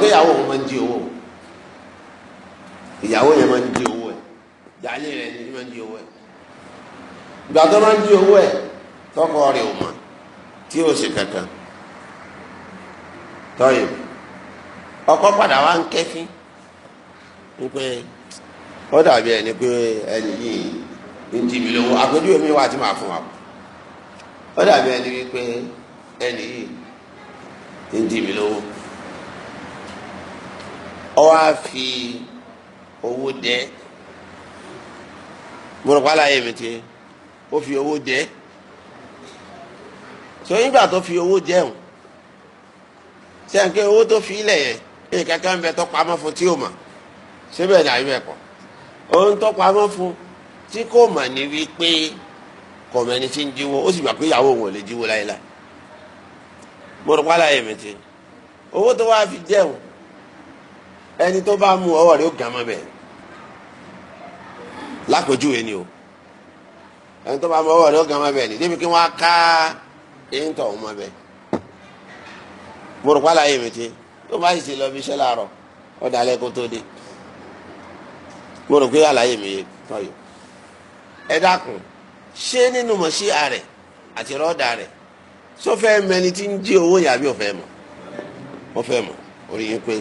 pé ìyàwó wọn máa ń di owó ìyàwó yẹn máa ń di owó ẹ̀ ìyáálé rẹ̀ ni máa ń di owó ẹ̀ ìgbà tó máa ń di owó ẹ̀ tọkọ rẹ̀ ò mọ̀ tí o ṣe kankan tọ́yìn ọkọ padà wá ń kẹ́fín wípé. ó dàbí ẹni pé ẹni yìí ń di mi lówó àpèjúwe mi wà tí màá fún wa ó dàbí ẹni wípé ẹni yìí ń di mi lówó ó wá fi owó dẹ mo rò pálá yẹn mi ti ó fi owó dẹ so nígbà tó fi owó jẹun sẹ́ńkẹ́ owó tó fi ilẹ̀ yẹn ní kankan bẹ tó pamọ́ fún tí o mọ̀ síbẹ̀ dàbí bẹ́ẹ̀ kọ́ ohun tó pamọ́ fún tí kò mọ̀ ní wípé kọ̀mọ̀ ẹni tí ń jíwó ó sì gbà pé ìyàwó òun ò lè jíwó láéláé mo rò fi jẹun ẹni tó bá mú ọwọ́ rẹ̀ ó gàn bẹ́ẹ̀ lákòjúwe ni o ẹni tó bá mú ọwọ́ rẹ̀ ó ni débi kí wọ́n á ká eyín tọ̀ ọ̀hún bẹ́ẹ̀ mo rò pálá yẹn ti tó bá mo rò pé àlàyé mi yé tọyọ ẹ dákun ṣé nínú mọ sí àrẹ àti rọdà rẹ sọ fẹ mẹni tí ń jí owó yẹn àbí ọfẹ mọ ọfẹ mọ orí yín pé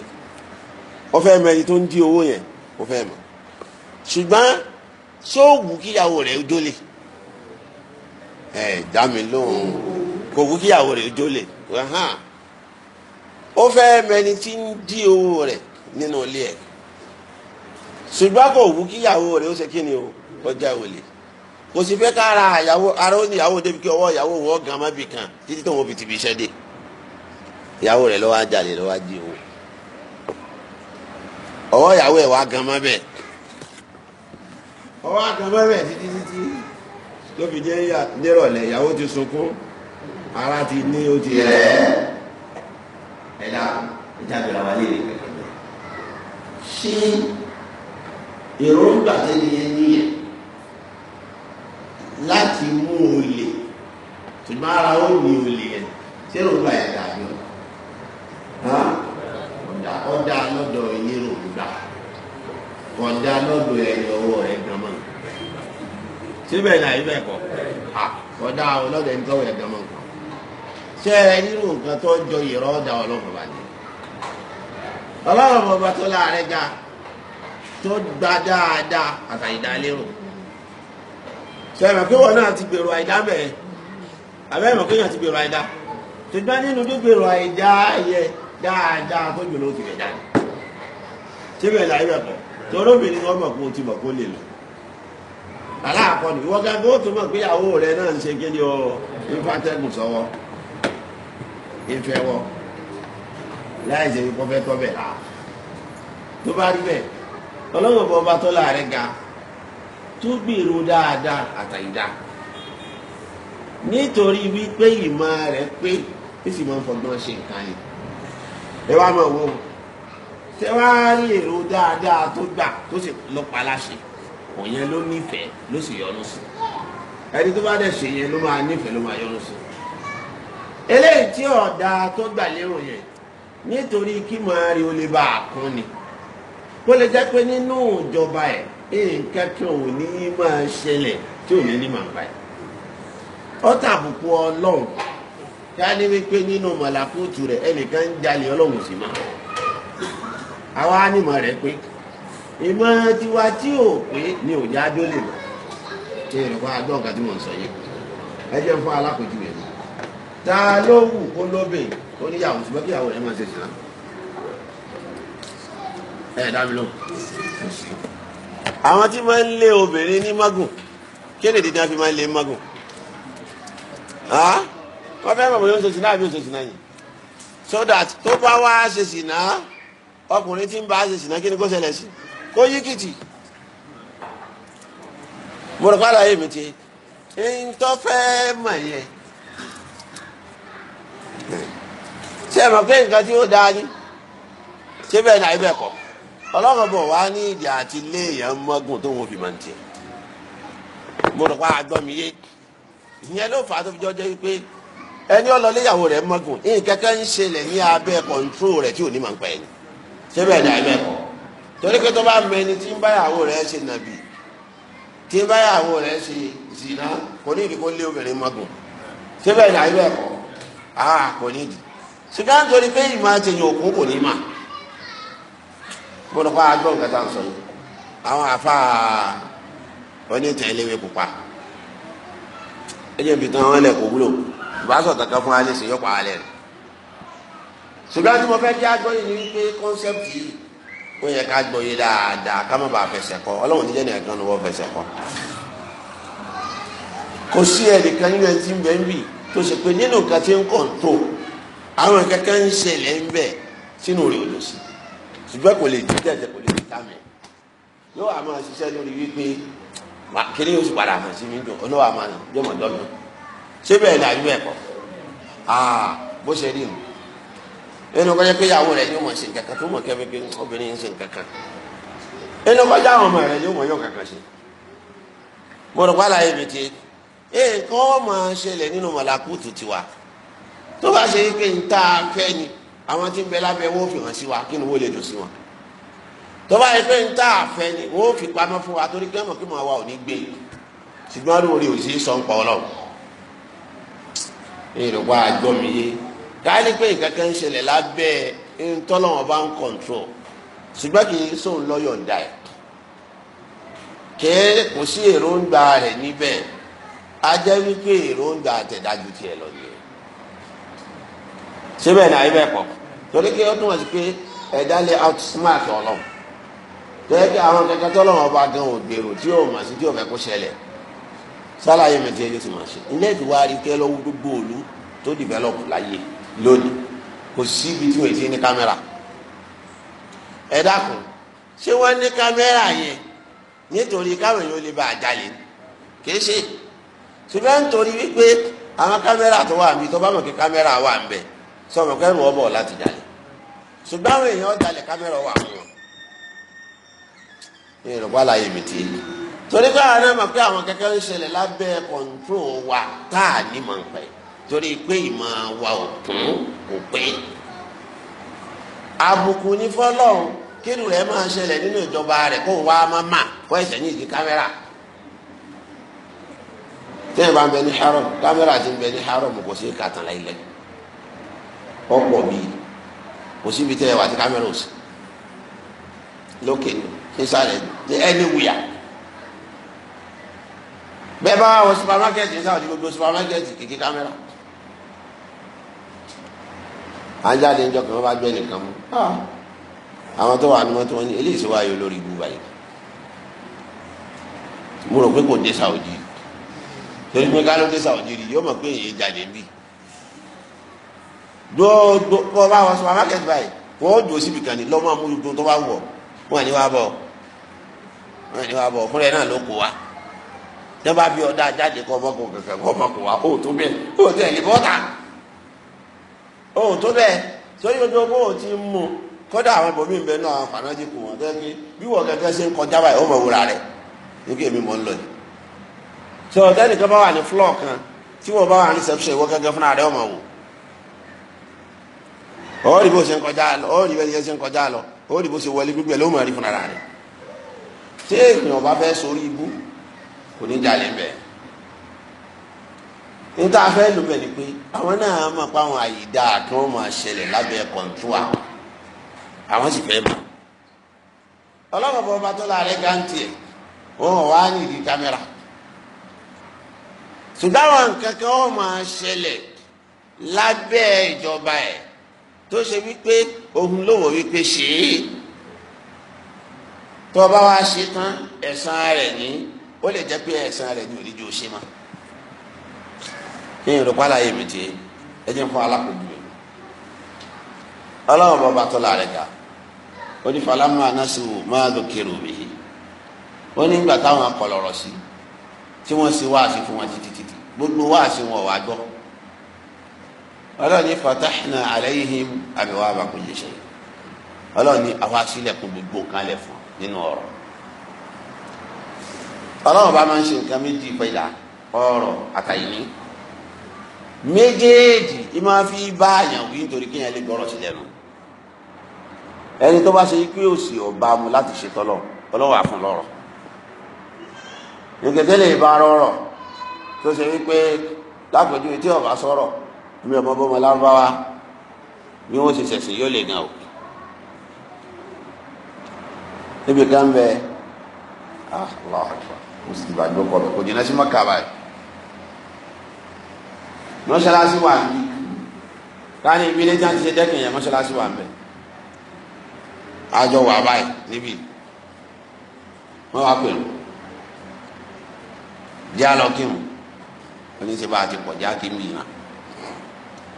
ọfẹ mẹni tó ń jí owó yẹn ọfẹ mọ ṣùgbọ́n sóòwù kíyàwó rẹ jólè ẹ dá mi lóhùn kò wù kíyàwó rẹ jólè ó mẹni tí ń jí owó rẹ nínú ilé ẹ. ṣùgbọ́n kò wú kíyàwó rẹ̀ ó ṣe kí ni o kọjá òòlì kò sì fẹ́ ká ara àyàwó ara ó ní ìyàwó débi kí ọwọ́ ìyàwó wọ́n gan má bì kan títí tó wọn fi ti fi ṣẹ́ dé ìyàwó rẹ̀ lọ́wọ́ ajalè lọ́wọ́ ajé o ọwọ́ ìyàwó ẹ̀ wá gan má bẹ̀ ọwọ́ gan má bẹ̀ títí títí ló fi jẹ́ nírọ̀lẹ́ ìyàwó ti sunkún ara ti ní ó ti rẹ̀ ẹ̀ dá ìjà bẹ̀rẹ̀ wálé rẹ̀ kẹ̀kẹ́ èròǹgbà tẹ́lẹ̀ yẹn níyẹn láti mú olè ṣùgbọ́n ara ó ní olè yẹn tí èròǹgbà yẹn dàbí ọ̀dà ọ̀dà lọ́dọ̀ yẹn èròǹgbà ọ̀dà lọ́dọ̀ ẹ̀yìn ọwọ́ rẹ̀ gan-an síbẹ̀ náà ibẹ̀ kọ́ ọ̀dà ọlọ́dọ̀ ẹ̀yìn ọwọ́ rẹ̀ gan-an kọ́ ṣé ẹ nínú nǹkan tó jọ ìrọ̀ ọ̀dà ọlọ́kọ̀ọ́ bá ní ọlọ́run ọba tó láàárẹ̀ já tó gba dáadáa àtàyídá lérò sẹ́yìn pé wọn náà ti gbèrò àìdá mẹ́ẹ̀ abẹ́rẹ́ mọ̀ kéèyàn ti gbèrò àìdá ṣùgbọ́n nínú gbígbèrò àìdá yẹ dáadáa tó jùlọ ó ti rẹ̀ dáadáa síbẹ̀ láì bẹ̀ pọ̀ torí obìnrin wọn mọ̀ kó o ti mọ̀ kó lè lọ aláàkọ́ ni ìwọ gángan ó tún mọ̀ pé ìyàwó rẹ náà ń ṣe kéde ọ ìfàtẹ́gùn sọ́wọ́ ìfẹ́wọ́ láì ṣe wípé wọ́n fẹ́ tọ́ bẹ̀ rà tó bá rí bẹ́ẹ̀ ọlọ́run ọba ọba tọ́lá rẹ̀ ga tó gbèrò dáadáa àtàyídá nítorí wípé ìmọ̀ rẹ̀ pé ó sì máa ń fọgbọ́n ṣe nǹkan yìí ẹ wá máa wò ó tẹ wá rí èrò dáadáa tó gbà tó sì lọ pa láṣẹ òyìn ló nífẹ̀ẹ́ ló sì yọ́nú sí ẹni tó bá dẹ̀ ṣe yẹn ló máa nífẹ̀ẹ́ ló máa yọ́nú sí eléyìí tí ọ̀dà tó gbà lérò yẹn nítorí kí máa rí o bá a kún ni. kó lè jẹ́ pé nínú ìjọba ẹ̀ nǹkan kan ò ní máa ṣẹlẹ̀ tí ò ní ní màá báyìí ó tàbùkù ọlọ́run ká ní wípé nínú mọ̀làkútù rẹ̀ ẹnìkan ń jalè ọlọ́run sì máa àwa ánìmọ̀ rẹ̀ pé ìmọ̀ tiwa tí ò pé ni ò já dó lè mọ̀ ọ̀gá tí mò ń sọ yìí ẹ jẹ́ fún alákòjú rẹ̀ ta ló wù kó lóbìn níyàwó ṣùgbọ́n kíyàwó ẹ dá mi lóhùn. àwọn tí máa ń lé obìnrin ní magun kí ni dídá fi máa ń lé magun wọ́n fẹ́ mọ̀ bóyá oṣù sinai àbí oṣù sinai yìí so that tó bá wá ṣe sìnà ọkùnrin tí ń bá ṣe sìnà kí ni kó ṣẹlẹ̀ sí kó yí kìtì mo rò pé àlàyé mi ti ń tọ́ fẹ́ mọ̀ yẹn ṣé ẹ mọ̀ pé nǹkan tí ó dáa ni ṣé bẹ́ẹ̀ ni àyè bẹ́ẹ̀ ọlọ́run bọ̀ wá ní ìdí àti ilé èèyàn mọ́gùn tó wọn fi máa ń tiẹ̀ mo rò pa àgbọ̀ mi yé ìyẹn ló fà á tó fi jọ́jọ́ wípé ẹni ọlọ́léyàwó rẹ̀ mọ́gùn nǹkankan ń ṣẹlẹ̀ ní abẹ́ kọ̀ǹtró rẹ̀ tí ò ní máa ń pa ẹni torí pé tó bá mọ ẹni tí ń rẹ̀ ṣe nàbì tí ń rẹ̀ ṣe zìnà kò ní lé obìnrin mọ́gùn kò bọ́dọ̀ pa agbọ́n nǹkan tá à ń sọ yìí àwọn àfáà onítẹ̀léwé pupa ẹ̀jẹ̀ bìtàn wọn lẹ̀ kó wúlò ìbáṣọ̀ kankan fún alẹ́ sèyọ́ pa alẹ́ rẹ̀ ṣùgbọ́n tí mo fẹ́ jẹ́ agbọ́n yìí ni wípé concept yìí ó yẹ ká gbọ́ yìí dáadáa ká má bàa fẹsẹ̀ kọ́ ọlọ́run níjẹ́ ní ẹ̀kan ló wọ́ fẹsẹ̀ kọ́ kò sí ẹnìkan nínú ẹni tí ń bẹ ń bì tó ṣe pé nínú nǹkan tí ń kọ̀ ń tò àwọn kẹ̀kẹ́ ń ṣẹlẹ̀ ń bẹ sínú rẹ̀ ò lọ sí i ṣùgbọ́n kò lè dídẹ̀ tẹ kò lè dídá mi yóò àmọ́ ṣiṣẹ́ lórí wípé kíní yóò sì padà hàn sí mi dùn oníwà àmọ́ yóò mọ̀ dọ́mi ṣé bẹ́ẹ̀ ni àbí bẹ́ẹ̀ kọ́ bó ṣe rí mi ẹnu kọjá pé ìyàwó rẹ yóò mọ̀ ṣe nǹkan kan tó mọ̀ kẹ́mi pé obìnrin ń ṣe nǹkan kan ẹnu kọjá àwọn ọmọ rẹ yóò mọ̀ yóò kankan ṣe mo rò pàlà yẹn mi ti nǹkan ọmọ ṣẹlẹ̀ nínú mọ̀lákùtù tiwa tó bá ṣe pé ń ta fẹ́ ni àwọn tí ń bẹ lábẹ́ wọn ò fi hàn sí wa kí ni wọ́n lè dùn sí wọn tọ́ba yẹ pé ń tà àfẹ́ ni wọ́n ò fi pamọ́ fún wa torí pé mọ̀ kí mọ̀ wa ò ní gbé ṣùgbọ́n ọdún orí òsì sọ ń pa ọlọ́run èrò wa gbọ́ mi yé káyọ̀ pé nǹkan kan ń ṣẹlẹ̀ lábẹ́ ntọ́lọ́wọ́n bá ń kọ̀ǹtrọ̀ ṣùgbọ́n kì í sóun lọ́yọ̀ǹda ẹ̀ kẹ́ kò sí èròǹgbà rẹ̀ níbẹ̀ ajẹ́ wípé èròǹgbà àtẹ̀dájú tiẹ̀ lọ ni síbẹ̀ náà ibẹ̀ pọ̀ torí kí ó túmọ̀ sí pé ẹ̀dá lè outsmart ọlọ́run torí kí àwọn kẹ̀kẹ́ tọ́lọ́run ọba gan ò gbèrò tí yóò mà sí tí yóò fẹ́ kó ṣẹlẹ̀ sálàyé mi ti ẹjọ́ ti mà ṣe ilé ìtura rí lọ́wọ́ gbogbo òlu tó develop láyé lónìí kò síbi tí wọ́n ti ní kámẹ́rà ẹ dákun ṣé wọ́n ní kámẹ́rà yẹn nítorí káwọn èèyàn lè bá a jalè kìí ṣe ṣùgbọ́n nítorí wípé àwọn kámẹ́rà tó wà níbi tó bá mọ̀ kí kámẹ́rà wà ń sọmọ kẹrù ọbọ láti jalè ṣùgbọ́n àwọn èèyàn jalè kámẹ́rà wà fún wọn ní ìrọ̀pá láyé mi ti yé torí pé àwọn ọmọ pé àwọn kẹ̀kẹ́ ń ṣẹlẹ̀ lábẹ́ kọ̀ǹtró wa tá a ní mọ̀ pẹ́ torí pé ìmọ̀ wa ò kún kò pé àbùkù ní fọlọ́run kírù rẹ̀ máa ṣẹlẹ̀ nínú ìjọba rẹ̀ kó wá má má kó ẹ̀sẹ̀ ní ìdí kámẹ́rà tí ẹ̀ bá ń bẹ ní haram kámẹ́rà ti ń bẹ ní haram kò sí kàtàn láìlẹ́yìn ọ̀pọ̀ bíi kò síbi tẹ́ ẹ wà tí kámẹ́rà ò sí lókè nísàlẹ̀ ní ẹniwìyà bẹ́ẹ̀ bá wọ supamakẹ́tì nísàlẹ̀ gbogbo supamakẹ́tì kìkì kámẹ́rà ajáde ńjọ kan bá gbẹ́ nìkan mú àwọn tó wà ní mọ́tò wọn ní eléyìí sì wáyé olórí ibú báyìí mo rò pé kò dé Saudi torí pé ká ló dé Saudi rí yóò mọ̀ pé èyí jáde bíi gbogbo kọ́ bá wọn supermarket báyìí wọ́n dùn ó síbi kan ní lọ́mọ amúlùdùn tó bá wọ̀ wọ́n ní wá bọ̀ wọ́n ní wá bọ̀ fúnra náà ló kó wa tó bá bí ọ̀dà jáde kọ́ ọmọkùn kankan kọ́ ọmọkùn wa ó tó bẹ́ẹ̀ ó tó ẹ̀ lè bọ́ta ó tó bẹ́ẹ̀ sórí ojú bó o ti ń mú kọ́dà àwọn ibòmí ń bẹ náà àwọn fànájì kù wọ́n tẹ́ kí bí wọ́n kẹ́kẹ́ ṣe ń kọjá báyìí ó mọ̀ wúra rẹ̀ nígbà èmi mọ̀ ń lọ yìí. sọ̀rọ̀ tẹ́nìkan bá wà ní flọ́ọ̀ kan tí wọ́n bá wà ní reception ìwọ́ kẹ́kẹ́ fúnra rẹ̀ ọmọ wò ọ̀ọ́rì bó ṣe ń kọjá lọ ọ̀ọ́rì bẹ́ẹ̀ ṣe ń kọjá lọ ọ̀ọ́rì bó ṣe wọlé gbígbẹ́ ló mọ̀ rí fúnra rẹ̀ ṣé èèyàn bá fẹ́ sórí ibú kò ní jalè bẹ́ẹ̀ níta fẹ́ lò bẹ́ẹ̀ ni pé àwọn náà máa pa àwọn àyè dáa kí wọ́n máa ṣẹlẹ̀ lábẹ́ kọ̀ǹtù àwọn àwọn sì fẹ́ mọ̀ ọlọ́run bọ̀ bá tó láàrẹ̀ gáǹtì ẹ̀ wọ́n wá nídi kámẹ́rà ṣùgbọ́n àwọn nǹkan kan wọ́n máa ṣẹlẹ̀ lábẹ́ ìjọba ẹ̀ tó ṣe wípé ohun ló wò wípé ṣe é tó bá wá ṣe tán ẹ̀san rẹ̀ ní ó lè jẹ́ pé ẹ̀san rẹ̀ ní òdíjú ṣe mọ́ kí n rò pálá yèmí tiẹ̀ ẹ jẹ́ fún alákòókò rẹ̀ ọlọ́run bàbá tó la rẹ̀ ga ó ní falámà anásù máa dókèrò mi ó ní ìgbà táwọn akọlọ̀rọ̀ sí tí wọ́n sì wáàsí fún wọn títí títí gbogbo wáàsí wọn wá gbọ́ ọlọ́run ní fatahna alayhim abwaaba kulli shay ọlọ́run ní àwa ṣílẹ̀kùn gbogbo nǹkan lẹ̀ fún nínú ọ̀rọ̀ ọlọ́run bá máa ń ṣe nǹkan méjì pẹ̀lá ọ̀rọ̀ àtàyìní méjèèjì ì máa fi bá àyàn wí nítorí kéèyàn lè gbọ́rọ̀ sí lẹ́nu ẹni tó bá ṣe pé òsì ọba mu láti ṣe tọ́lọ̀ ọlọ́wà fún lọ́rọ̀ ìgbẹ́tẹ́lẹ̀ ìbá tó ṣe wípé lápẹ̀jú etí ọba sọ̀rọ̀ mi ò mọ bọ́mọ lárúbáwá bí wọ́n ṣe ṣẹ̀sìn yóò lè gan o. níbi kan bẹ ah, aláàbà kò sì ìbàjọ́ kọ̀ bẹ̀ kò jìnnà sí mọ́kà báyìí. mọ́ṣáláṣí wà ń bí káni ibi ilé jáde ṣe dẹ́kun yẹn mọ́ṣáláṣí wà ń bẹ̀. àjọ wà báyìí níbí wọ́n wá pè mí díà lọ kírun oníṣẹ́ bá a ti pọ̀ díà kí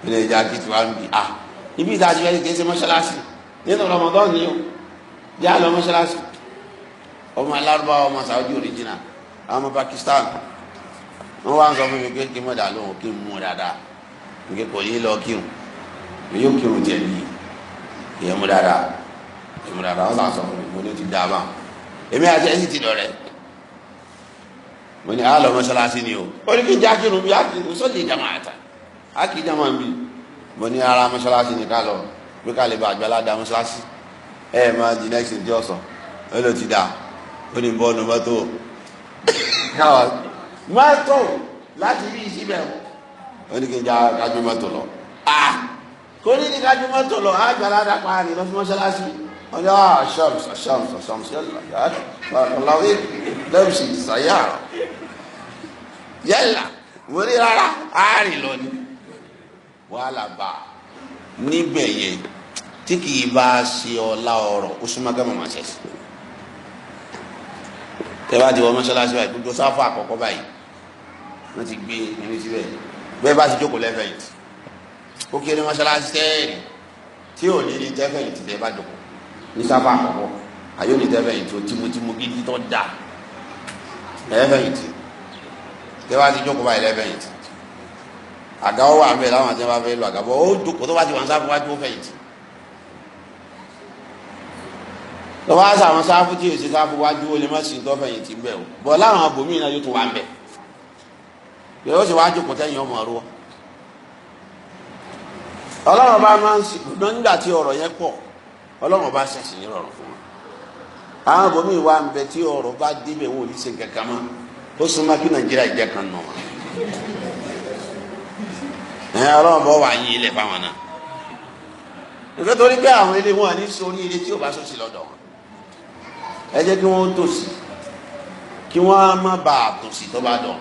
ilé ẹja kìtì wa ń bì a ah, ibi ìta ti fẹ́ kí n mọ́ṣáláṣí nínú Ramadan ni o yá lọ mọ́ṣáláṣí ọmọ alárúbáwá ọmọ Saudi original ọmọ Pakistan wọn wá ń sọ fún mi pé kí n mọ̀ dà lóhùn kí n mú dáadáa nke kò yí lọ kírun yóò kírun tiẹ̀ bí ìyẹn mú dáadáa ìyẹn mú dáadáa wọn sàn sọ fún mi mo ní ti dáa báwọn èmi àti ẹ̀sìn ti dọ̀rẹ́ mo ní àlọ́ mọ́ṣáláṣí ni o ó ní kí n já kírun bí a kírun sọ́ọ̀tì ìjàmọ̀ àtà a kì í jẹ́ máa ń bì mo ní ara mọ́ṣáláṣí ní ká lọ pé ká lè bá àgbẹ̀ aládàá mọ́ṣáláṣí ẹ ẹ máa di next day ọ̀sán ẹ lọ ti dà ó ní bọ́ọ̀nù mọ́tò mọ́tò láti rí síbẹ̀ ó ní kí n já kájú mọ́tò lọ kò ní ní kájú mọ́tò lọ àgbẹ̀ aládàá pa ni lọ sí mọ́ṣáláṣí wọ́n yà á ṣàmùs ṣàmùs ṣàmùs yàlá lẹ́bùsì ṣàyà yàlá mo ní rárá àárín lọ wàhálà bá níbẹ̀ yẹn tí kì í bá ṣe ọlá ọ̀rọ̀ ó súnmọ́ gẹ́gẹ́ màmá ṣẹ̀ṣẹ̀ tẹ́ bá ti wọ mọ́ṣáláṣí báyìí gbogbo sáfà àkọ́kọ́ báyìí wọ́n ti gbé nínú síbẹ̀ bẹ́ẹ̀ bá ti jókòó lẹ́fẹ̀yìntì ó kéré mọ́ṣáláṣí tẹ́ẹ̀rì tí ò ní ní tẹ́fẹ̀yìntì tẹ́ bá jókòó ní sáfà àkọ́kọ́ àyò ní tẹ́fẹ̀yìntì ó tímútímú gidi tó dáa lẹ́fẹ̀yìntì tẹ́ bá ti jókòó báyìí lẹ́fẹ̀yìntì àga ọwọ́ àmì láwọn àti ẹ̀ bá fẹ́ lọ àga tó bá ti wọn sáfù wájú ó fẹ̀yìntì tó bá sàwọn sáfù tí sáfù wájú lè má o bọ̀ láwọn abòmí náà yóò tó wá sì tẹ́yìn ọmọ ọ̀rọ̀ ọlọ́run bá máa ń nígbà tí ọ̀rọ̀ yẹn pọ̀ ọlọ́run bá rọrùn fún wọn àwọn abòmí wa ń bẹ tí ọ̀rọ̀ bá ẹ ọlọ́run bọ́ wà yín ilẹ̀ fáwọn náà nígbà tó rí pé àwọn ilé wọn àní sórí ilé tí ò bá sọ sí lọ́dọ̀ wọn ẹ jẹ́ kí wọ́n tòsí kí wọ́n á má ba àtòsí tó bá dọ̀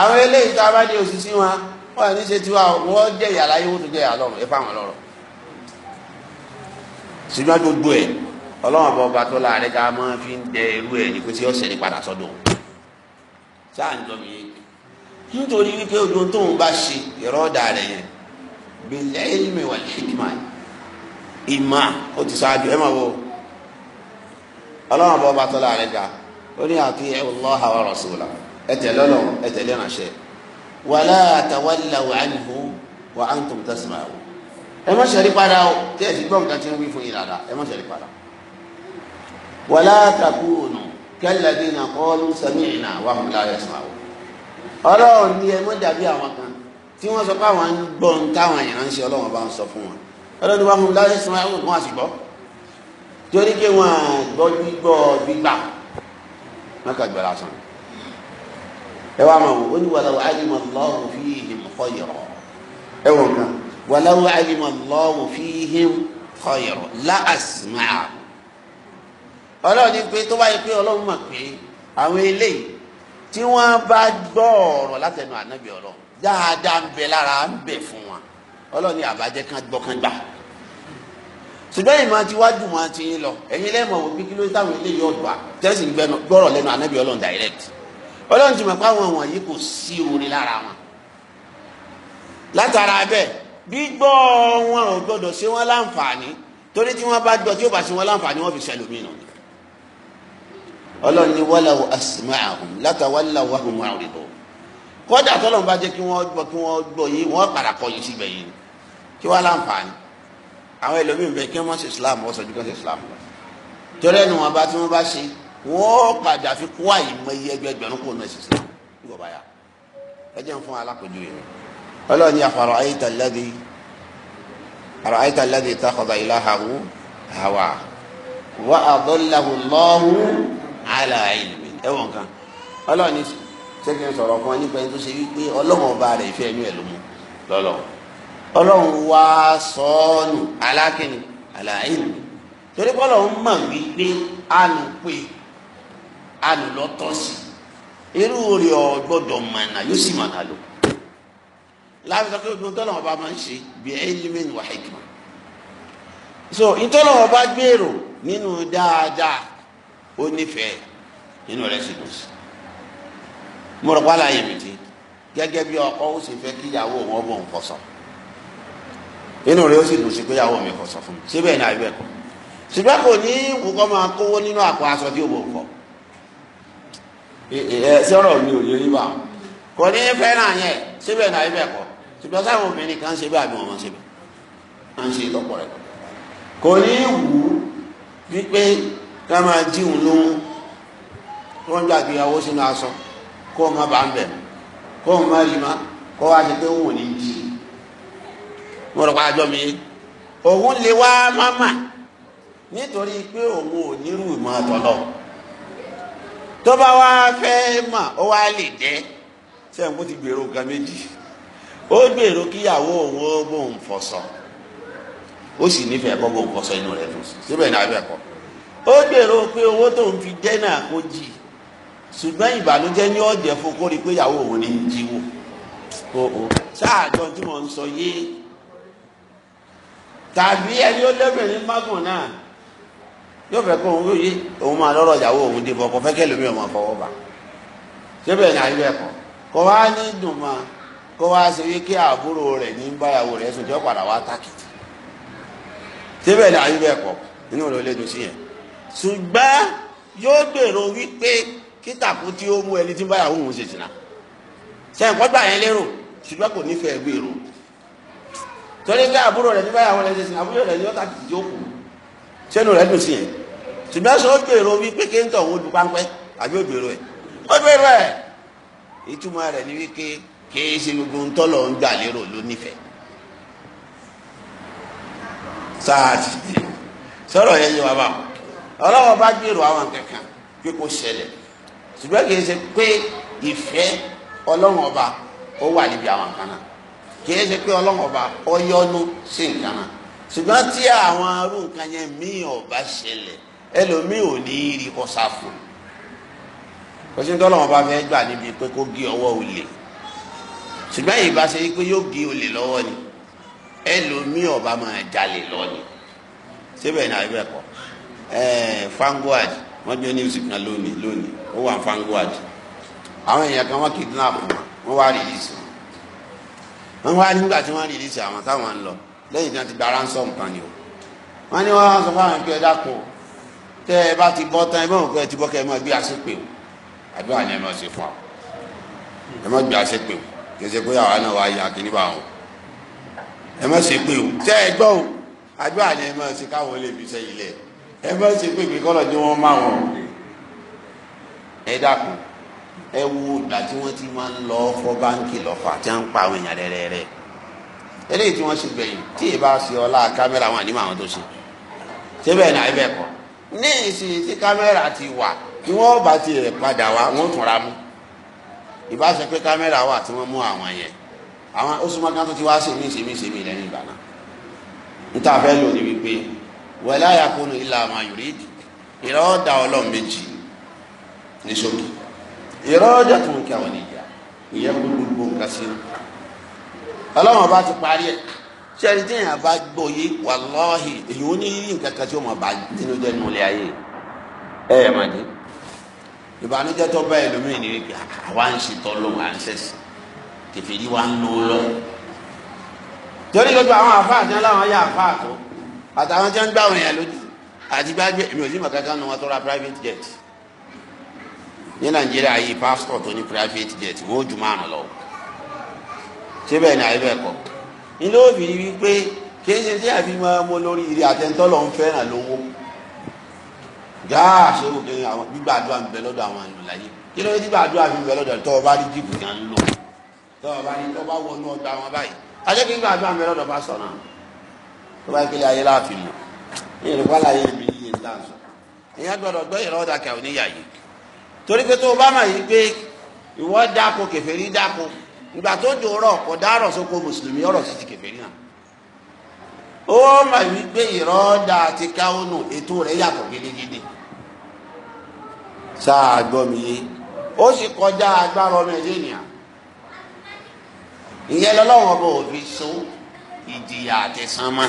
àwọn ilé ìta bá dé òṣìṣẹ́ wọn wọn àní ṣe tiwa wọ́n jẹ́ ìyá láyé wọ́n tún jẹ́ ìyá lọ́rùn ẹ fáwọn lọ́rọ̀ ṣùgbọ́n gbogbo ẹ̀ ọlọ́run àbọ̀ ọba tó láàrin ká máa fi ń dẹ irú ẹ̀ ní pé tí ó ṣẹlẹ̀ padà sọ́dọ̀ sáà ń jọ mi yé nítorí wípé odò tó ń bá ṣe ìrọ́dà rẹ̀ yẹn bìlẹ̀ ilmi wal hikma ìmà ó ti ṣáájú ẹ máa wọ ọlọ́run bọ́ bá tọ́lá rẹ̀ ga ó ní àti Allah wa rasula ẹ tẹ̀lé ọlọ́run ẹ tẹ̀lé ránṣẹ́ wala tawallaw anhu wa antum tasma'u ẹ má ṣẹ̀rí padà o tí ẹ ti gbọ́ nǹkan tí ń wí fún yín dáadáa ẹ má ṣẹ̀rí padà wala takunu kalladhina qalu sami'na wa hum ọlọ́run ní ẹ mọ́ dàbí àwọn kan tí wọ́n sọ pé àwọn ń gbọ́ ń táwọn èèyàn ń ṣe ọlọ́run bá ń sọ fún wọn ọlọ́run bá fún láyé sinmi àwọn kan àsìgbọ́ torí pé wọn gbọ́ gbígbọ́ gbígbà wọn kà gbọ́ lásán ẹ wá máa wò ó ní wàlá alima Allahu fihim khayran ẹ wọ̀ nǹkan wàlá alima Allahu fihim khayran la asma'a ọlọ́run ní pé tó bá yẹ pé ọlọ́run mọ̀ pé àwọn eléyìí tí wọ́n bá gbọ́ ọ̀rọ̀ látẹnu ànábì ọ̀rọ̀ dáadáa ń bẹ lára ń bẹ fún wọn ọlọ́ni àbájẹ́ kan gbọ́ kan gbà ṣùgbọ́n ìmọ̀ àti wájú mọ̀ àti yín lọ ẹ̀yin lẹ́mọ̀ wò pé kí ló táwọn eléyìí ọ̀dọ́ tẹ́sí ń gbọ́rọ̀ lẹ́nu ànábì ọlọ́run direct ọlọ́run ti mọ̀ pé àwọn wọ̀nyí kò sí orí lára wọn látara bẹ́ẹ̀ gbígbọ́ wọn ò gbọ́dọ̀ ṣe wọn láǹfààní torí tí wọ́n bá gbọ́ tí ó bá ṣe wọn láǹfààní wọ́n fi ṣẹlòmíràn ni ọlọ́run ní wàláwù asma'ahum látàwàláwù ahùnmọ́ àwòrìbọ̀ kọ́dà tọ́lọ́run bá jẹ́ kí wọ́n gbọ́ kí wọ́n gbọ́ yìí wọ́n padà kọ́ yìí sígbẹ̀ yìí kí wọ́n láǹfààní àwọn ẹlòmíín bẹ kí wọ́n ṣe islam wọ́n sọ̀jú kí wọ́n ṣe islam lọ torí ẹnu wọn bá tí wọ́n bá ṣe wọ́n padà fi kó àyìnbó iye ẹgbẹgbẹ̀rún kó náà ṣe islam nígbà báyà ẹ jẹ́ fún alákòjú yìí ọlọ́run ní àfàrọ̀ ayéta lẹ́dí ala ilmi ẹwọ nǹkan Ọlọ́run ní sẹkẹn sọ̀rọ̀ kan nípa ẹni tó ṣe wípé ọba ẹnu ẹ ló mú lọlọ wá sọọnù ala torí pé Ọlọ́run wípé àánú pé àánú lọ tọ́ sí irú rẹ̀ ọ mọnà yóò sì mọnà lọ pé obìnrin tó máa ń ṣe bí ó nífẹ̀ẹ́ inú rẹ̀ sì dùn sí mo rọ̀ wàhálà yẹn mi ti gẹ́gẹ́ bí ọkọ ó sì fẹ́ kí ìyàwó wọn bò ń fọṣọ inú rẹ̀ ó sì dùn sí pé ìyàwó mi fọṣọ fún mi síbẹ̀ ní àbẹ̀ kọ́ ṣùgbọ́n kò ní ìwúkọ́ máa kówó nínú àpò aṣọ tí ó bò ń fọ ẹ sọ̀rọ̀ mi ò yẹ yín bá kò ní fẹ́ràn yẹn síbẹ̀ ní àbẹ̀ kọ́ ṣùgbọ́n sáwọn obìnrin kan ṣe bẹ́ẹ̀ àbí wọn ṣe bẹ́ẹ̀ à ń ṣe ìtọ́pọ̀ rẹ̀ kò ní wù ú wípé ká máa jíun lóhun wọ́n gbà kí ìyàwó sínú aṣọ kó o má bàa ń bẹ̀ kó o má rí kó o wá ṣe pé òun ò ní jí mo rọ̀ pa àjọ mi òun lè wá máma nítorí pé òun ò nírú ìmọ̀ àtọ̀lọ́ tó bá wá fẹ́ mà ó wá lè sẹ́yìn kó ti gbèrò nǹkan kíyàwó òun ó bóun fọ̀sọ̀ ó sì nífẹ̀ẹ́ bóun fọ̀sọ̀ inú rẹ̀ síbẹ̀ ó gbèrò pé owó tó ń fi jẹ́ kó jì ṣùgbọ́n ìbànújẹ́ ní ọ̀jẹ̀ fún kó pé ìyàwó òun ní í jí wò ṣáàjọ tí mo ń sọ yé tàbí ẹni ó lébìnrin mágùn náà yóò fẹ́ kó òun yé òun máa lọ́rọ̀ ìyàwó òun dìbò kò fẹ́ kẹ́lẹ́ mi ò máa fọwọ́ bà ní ayé ẹ̀kọ́ wá ní ṣùgbọ́n yóò gbèrò wípé kítàkù tí ó mú ẹni tí báyàwó òun ṣe jìnnà ṣe ẹ̀kọ́ gbà yẹn lérò ṣùgbọ́n kò nífẹ̀ẹ́ gbèrò torí pé àbúrò rẹ̀ tí báyàwó rẹ̀ ṣe jìnnà àbúrò rẹ̀ yóò tàbí rẹ̀ dùn sí yẹn ṣùgbọ́n gbèrò wípé páńpẹ́ àbí ó gbèrò ẹ̀ ó gbèrò ẹ̀ ìtumọ̀ rẹ̀ ni wípé kìí ṣe ọlọ́wọ́ bá gbèrò àwọn kankan pé kò ṣẹlẹ̀ ṣùgbọ́n kì í ṣe pé ìfẹ́ ọlọ́wọ́ ọba ó wà níbi àwọn kan náà kì í ṣe pé ọlọ́wọ́ ọba ó yọ́nú sí nǹkan náà ṣùgbọ́n tí àwọn arú nǹkan yẹn míì ọba ṣẹlẹ̀ ẹlòmíì ò ní í rí kó sá fún un kò sí ní tọ́lọ́wọ́ bá fẹ́ gbà níbi pé kó gé ọwọ́ olè ṣùgbọ́n ìbá ṣe pé yóò gé olè lọ́wọ́ ni ẹlòmíì ọba máa jalè lọ ni síbẹ̀ ní àbẹ̀kọ́ Eh, Vanguard wọ́n gbé music náà lónìí lónìí ó wà Vanguard àwọn èèyàn kan wọ́n kidnap wọn wọ́n wá rìlíìsì wọn wọ́n wá nígbà tí wọ́n rìlíìsì àwọn táwọn ń lọ lẹ́yìn tí wọ́n ti gba ransom kan ni o wọ́n ní wọ́n sọ fáwọn ẹgbẹ́ dàpọ̀ tẹ́ ẹ bá ti bọ́ tán ẹ bọ́ nǹkan ẹ ti bọ́ kẹ́ ẹ máa gbé àṣepè o àdúrà ẹ ṣe fún ẹ gbé o kì í ṣe pé àwa náà wà á yà bá wọn ẹ ṣe o tẹ́ ẹ gbọ́ o àdúrà ni ẹ máa ṣe káwọn fi ṣe ẹ bá ṣe pé kí kọ́lọ̀ jẹ́ wọ́n máa wọ̀n ẹ dákun ẹ wo ìgbà tí wọ́n ti máa ń lọ fọ́ báńkì lọ́fà tí wọ́n ń pa àwọn èèyàn rẹ́rẹ́rẹ́ eléyìí tí wọ́n ṣe gbẹ̀yìn tí ì bá ṣe ọlá kámẹ́rà wọn ànímọ̀ àwọn tó ṣe ṣé bẹ́ẹ̀ ni àbẹ́ kọ́ ní ìsìn tí kámẹ́rà ti wà tí wọ́n bá ti rẹ̀ padà wá wọ́n tún ra mú ìbá ṣe pé kámẹ́rà wà tí wọ́n mú àwọn yẹn àwọn ó súnmọ́ kí wọ́n ti wá sí mí sí mí sí mí lẹ́yìn ìgbà náà níta fẹ́ lò ní wípé wala yakunu illa ma yurid ìrọ́ da ọlọ́run méjì ní sókè ìrọ́ ọjà tó ń kí àwọn ìyá ìyá gbogbo nǹkan sí ọlọ́run ọba ti parí ẹ̀ sẹ́ni tí èèyàn bá gbọ́ yé wàláhì èyí ó ní yíyí nǹkan kan tí ó mọ̀ bá nínú jẹ́ nínú ilé ayé ẹ̀ ẹ̀ máa dé ìbànújẹ́ tó bá ẹlòmíì ní wípé àwa ń ṣe tọ́lọ́hún à ń ṣẹ̀ṣẹ̀ kẹfìrí wa ń lò ó lọ. torí gbogbo àwọn àfáà tí wọn láwọn yá àfáà tó àtàwọn tí wọ́n ń gbà wọ̀nyẹn lójú àti gbàgbé èmi ò sí mọ̀ kankan wọn tó ra private jet ní nàìjíríà yìí passport tó ní private jet wọ́n ó ju márùn lọ síbẹ̀ ní àyè bẹ́ẹ̀ kọ́ ilé òbí wípé kí n ṣe tí àfi máa mú lórí ilé àtẹ̀ntọ́ lọ́n fẹ́ràn lówó gáà ṣé o kiri àwọn gbígbà àdúrà ń bẹ lọ́dọ̀ àwọn ìlú láyé kí ló dé gbígbà àdúrà ń bẹ lọ́dọ̀ tọ́ ọ bá rí jìbù lò tọ́ ọ bá tọ́ bá wọnú ọgbà wọn báyìí tó bá kéde ayé láàfin lò ní ìlú wàhálà yé mi yé dáńsọ ìyẹn gbọ́dọ̀ gbọ́ ìrọ ọdà kà oníyà yìí torí pé tó o bá mà yìí pé ìwọ dáko kèfèrí dáko ìgbà tó jò rọ kò dárọ sóko mùsùlùmí ọ̀rọ̀ sí ti kèfèrí náà ó mà yìí pé ìrọ ọdà àti káwọnù ètò rẹ̀ yàtọ̀ gidigidi sáà gbọ́ mi yé ó sì kọjá agbára ọmọ ẹ̀jẹ̀ nìyà ìyẹn lọ́lọ́wọ́ bò fi so ìjìyà àtẹ̀sán mọ́.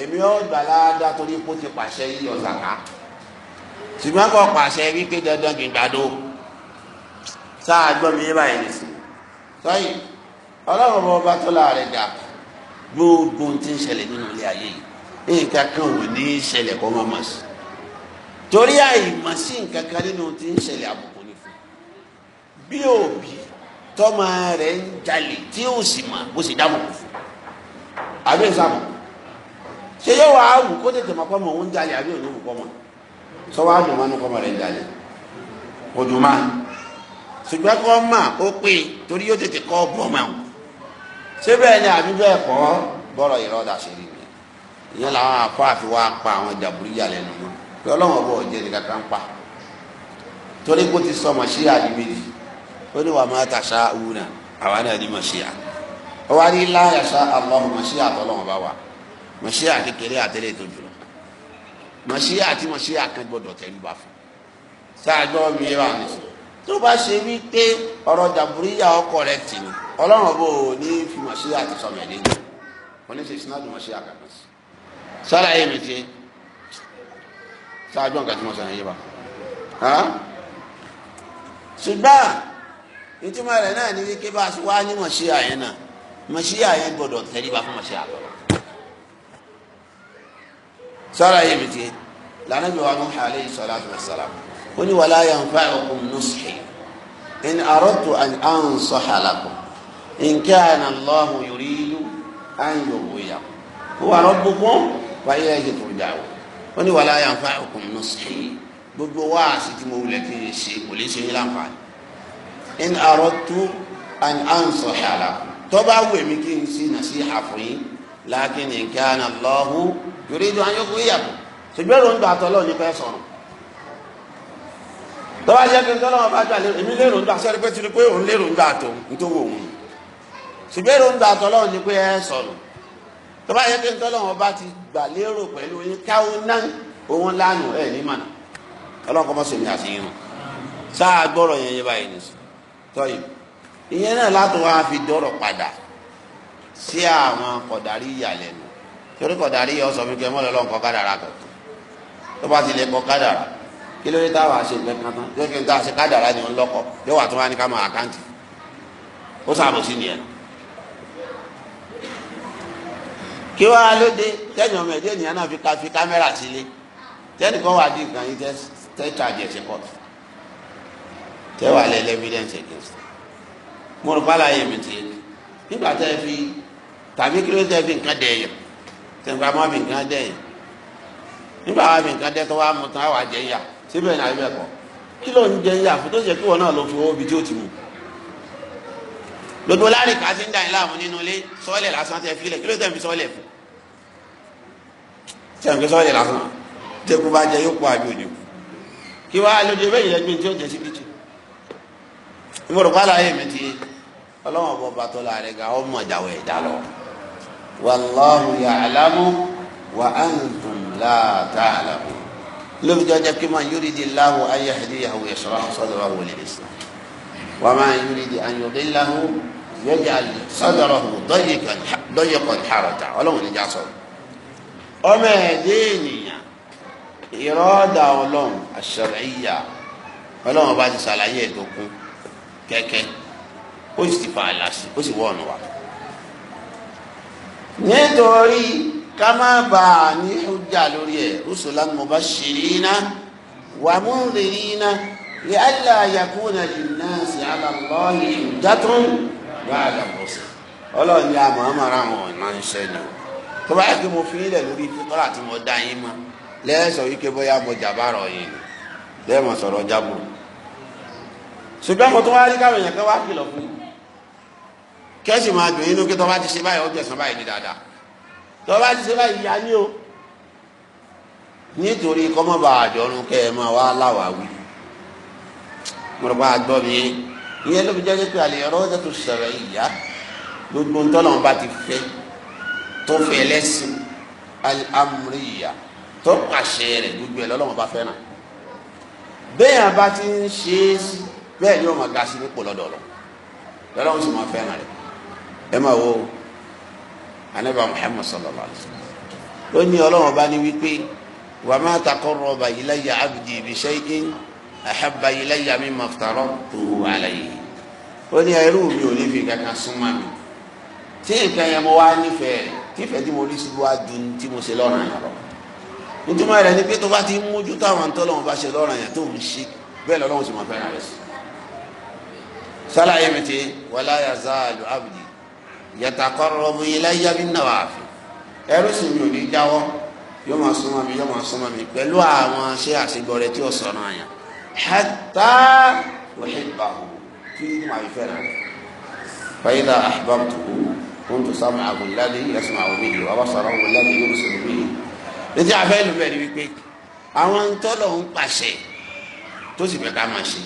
èmi ò gbà láàdá torí kó ti pàṣẹ yí ọ̀sàkà ṣùgbọ́n kò pàṣẹ wípé dandan kì í gbàdo sáà gbọ́ mi yé báyìí nìsín sọ́yìn ọlọ́run bọ́ bá tó láàrẹ̀ dà gbogbo ohun tí ń ṣẹlẹ̀ nínú ilé ayé yìí nǹkan kan ò ní í ṣẹlẹ̀ kọ́ mọ́ mọ́ sí torí àìmọ̀ sí nǹkan kan nínú ohun tí ń ṣẹlẹ̀ àbùkù ni fún bí òbí tọ́mọ rẹ̀ ń jalè tí ó sì mọ̀ bó sì dáàbò fún àbí ìsàmù ṣe yóò wá wù kó tètè mọ̀ pọ́mọ̀ òun jalè àbí òní wù pọ́mọ̀ sọ wá dùn mọ́nú pọ́mọ̀ rẹ̀ jalè kò dùn má ṣùgbọ́n kọ́ mà ó pè torí yóò tètè kọ́ bọ́mọ̀ àwọn ṣé bẹ́ẹ̀ ni àbí bẹ́ẹ̀ kọ́ bọ́rọ̀ ìrọ́dà ṣe rí mi ìyẹn làwọn afọ àfi wá pa àwọn jàbúrìyà lẹ́nu mọ́ pé ọlọ́wọ́n bọ̀ jẹ́ nìkan kan pa torí kó ti sọmọ sí àdìmẹ́lì ó ní wàá máa tàṣà wúna náà ní mọ̀ sí ọwọ́ á ní àlọ́ mọ̀ṣíà kékeré àtẹ̀lé tó jùlọ mọ̀ṣíà àti mọ̀ṣíà kan gbọ́dọ̀ tẹ̀lé bá fún sáájọ́ mi yẹ wà nísìnyí tó bá ṣe wí pé ọ̀rọ̀ jàbúríyà ọkọ̀ rẹ̀ tì ní ọlọ́run bò ní fi mọ̀ṣíà àti sọmọ ẹ̀ lẹ́yìn oníṣẹ́ ìsinádùn mọ̀ṣíà kankan sí sára yé mi tiẹ̀ sáájọ́ nǹkan tí mo sọ yẹn yé bá ṣùgbọ́n ìtumọ̀ rẹ̀ náà ní wípé bá a ṣe wá ní mọ̀ṣíà yẹn náà mọ̀ṣíà yẹn gbọ́dọ̀ tẹ̀lé bá fún mọ̀ṣíà lọ́wọ́ sọ́ra yẹ mi tiẹ̀ lànà bí wàá Nuh alayhi salatu wa salam ó ní wala yanfa'ukum nushi in aradtu an ansaha lakum in kana Allahu yuridu an yughwiyakum huwa rabbukum wa ilayhi turja'un ó ní wala yanfa'ukum nushi gbogbo wáàsí tí mo wulẹ̀ kí n ṣe kò lè ṣe yín láǹfààní in aradtu an ansaha lakum tọ́ba wù mí kí n ṣe nasiha fún yín lakin in kana Allahu yorì ìdùn ayọ́kùn ìyàbò ṣùgbọ́n èrò ń dùn àtọ́lọ́ ní pẹ́ sọ̀rọ̀ tọ́ba jẹ́ pé tọ́lọ́wọ́ bá dùn àlérò èmi lérò ń dùn àṣẹ́rí pé tí pé òun lérò ń dùn àtò nítorí òun ṣùgbọ́n èrò ń dùn àtọ́lọ́ ní pé ẹ sọ̀rọ̀ tọ́ba jẹ́ pé tọ́lọ́wọ́ bá ti gbà lérò pẹ̀lú yín káwọn òun lánàá ẹ̀ ní mànà ọlọ́kọ́ ìyẹn torí kọ̀dàrí yọ sọ wípé mọ́lẹ́ lọ́nkọ́ kádàrà kan tó bá ti lè kọ́ kádàrà kí ló dé táwọn àṣẹ ìgbẹ́ kan tán yóò kí n tá àṣẹ kádàrà ni òun lọ́kọ́ yóò wà tó wá ní ká máa àkáǹtì ó sàmùsí nìyẹn. kí wàá lóde tẹ́yìn ọmọ ẹ̀dẹ́ ènìyàn náà fi ka fi kámẹ́rà sílé tẹ́yìn kan wà dín nǹkan yìí tẹ́ tàjẹ̀ sí kọ́ọ̀tù tẹ́wàá lẹ́ lẹ́fídẹ́ǹsì against mo rò pálá yẹn mi tiẹ̀ nígbà tẹ́ fi tàbí kí ló dé fi nǹkan dẹ̀ yẹn tẹnifà má mi nǹkan dẹ yìí nígbà wa mi nǹkan dẹ tó wà mú tán wà jẹ yà síbẹ̀ náà ibẹ̀ kọ́ kí ló ń jẹ yà fún tó ṣe kí wọn náà lọ fún owó ibi tí ó ti mú gbogbo láàrin kà á ti ń dà yín láàmú nínú ilé sọ́ọ̀lẹ̀ lásán tẹ fi lẹ̀ kí ló tẹ̀ fi sọ́ọ̀lẹ̀ fún tẹ̀ fi sọ́ọ̀lẹ̀ lásán tẹ̀kú bá jẹ yóò kó àjò òjò kí wàá lóde bẹ́ẹ̀ yẹn gbé tí ó jẹ síbi tí ìmọ̀ràn wàláhù yàlámù wà á ń dùn láàtà àlàbò lóbi jọjọ kí máa yóò di láhù ayé àdé yàwó yẹ sọ̀rọ̀ sọdọ wà wọlé lè sọ wà máa yóò di àyò dé láhù yọjà sọdọ rọ dọyẹ kọ tààrọtà Ọlọ́run níjà sọ̀rọ̀ ọmọ ẹdẹ ènìyàn ìrọ́dà Ọlọ́run àṣẹrẹ̀yà Ọlọ́run bá ti ṣàlàyé ẹ̀dọ́kún kẹ́kẹ́ ó sì ti fa àlàsì ó sì wọ́ ọ̀nà wa nítorí ká má bàa ní ọjà lórí ẹ̀ rusulan mubashirina wa mundhirina li alla yakuna linnasi ala Allahi hujjatun ba'da rusuli ọlọ́run ní àmọ́ àmọ́ra wọn máa ń ṣẹ́ni o tó bá yẹ kí mo fi ilẹ̀ lórí fitọ́lá tí mo dá yín mọ́ lẹ́sọ̀ yìí bóyá mo jàbárọ̀ yìí ni sọ̀rọ̀ jábọ̀ ṣùgbọ́n mo tún wá rí káwọn èèyàn kan wá kìlọ̀ fún yìí kẹ́sì máa dùn inú kí tọ́ba ti ṣe báyìí ó jẹ̀sán báyìí ní dáadáa tọ́ba ti ṣe báyìí yá ní o nítorí kọ́mọ́bà àjọrun kẹ́ ẹ máa wá láwàáwí mọ̀rọ̀bá àgbọ̀ mi ìyẹn ló fi jẹ́ pé àlè ọ̀rọ̀ ọ̀dẹ́ tó sọ̀rọ̀ ìyá gbogbo ntọ́lọ́mọba ti fẹ́ tó fẹ́ lẹ́sìn amúríyà tó pàṣẹ rẹ̀ gbogbo ẹ̀ lọ́lọ́mọba fẹ́ràn bẹ́ẹ̀ bá ti ń ṣe é bẹ́ẹ̀ ni ó máa ga sí nípò lọ́dọọlọ lọ́lọ́mọ sì máa fẹ́ràn rẹ̀ ẹ máa wo anábà Muhammad sallallahu alayhi wa sallam ló ní ọlọ́wọ́n bá ní wípé wà má taqarraba ilayya abdi bi shay'in ahabba ilayya mimma aftaratuhu alayhi ó ní ẹrú mi ò ní fi kankan súnmọ́ mi tí nǹkan yẹn mo wá nífẹ̀ẹ́ rẹ̀ tí mo rí síbi wá ju tí mo ṣe lọ́ràn yẹn lọ nítorí ni pé bá ti mójú táwọn tọ́lọ́wọ́n bá ṣe lọ́ràn yẹn tó ń ṣe bẹ́ẹ̀ lọ́lọ́wọ́n sì máa fẹ́ràn rẹ̀ sí sálàyé mi ti wàláyà záàlù abdi yàtàkọ́rọ̀bù ilayya bin nawafil ẹrú sì mi ò ní jáwọ́ yóò máa súnmọ́ mi yóò máa súnmọ́ mi pẹ̀lú àwọn ṣé àṣegbọrẹ tí ó sọ̀rọ̀ àyàn hatta uhibbahu kí ni màá fi fẹ́ràn rẹ̀ fa idha ahbabtuhu kuntu sam'ahu alladhi yasma'u bihi wa basarahu alladhi yubsiru bihi létí afẹ́ ló bẹ̀rẹ̀ wípé àwọn ntọ́lọ̀ ń pàṣẹ tó sì fẹ́ ká máa ṣe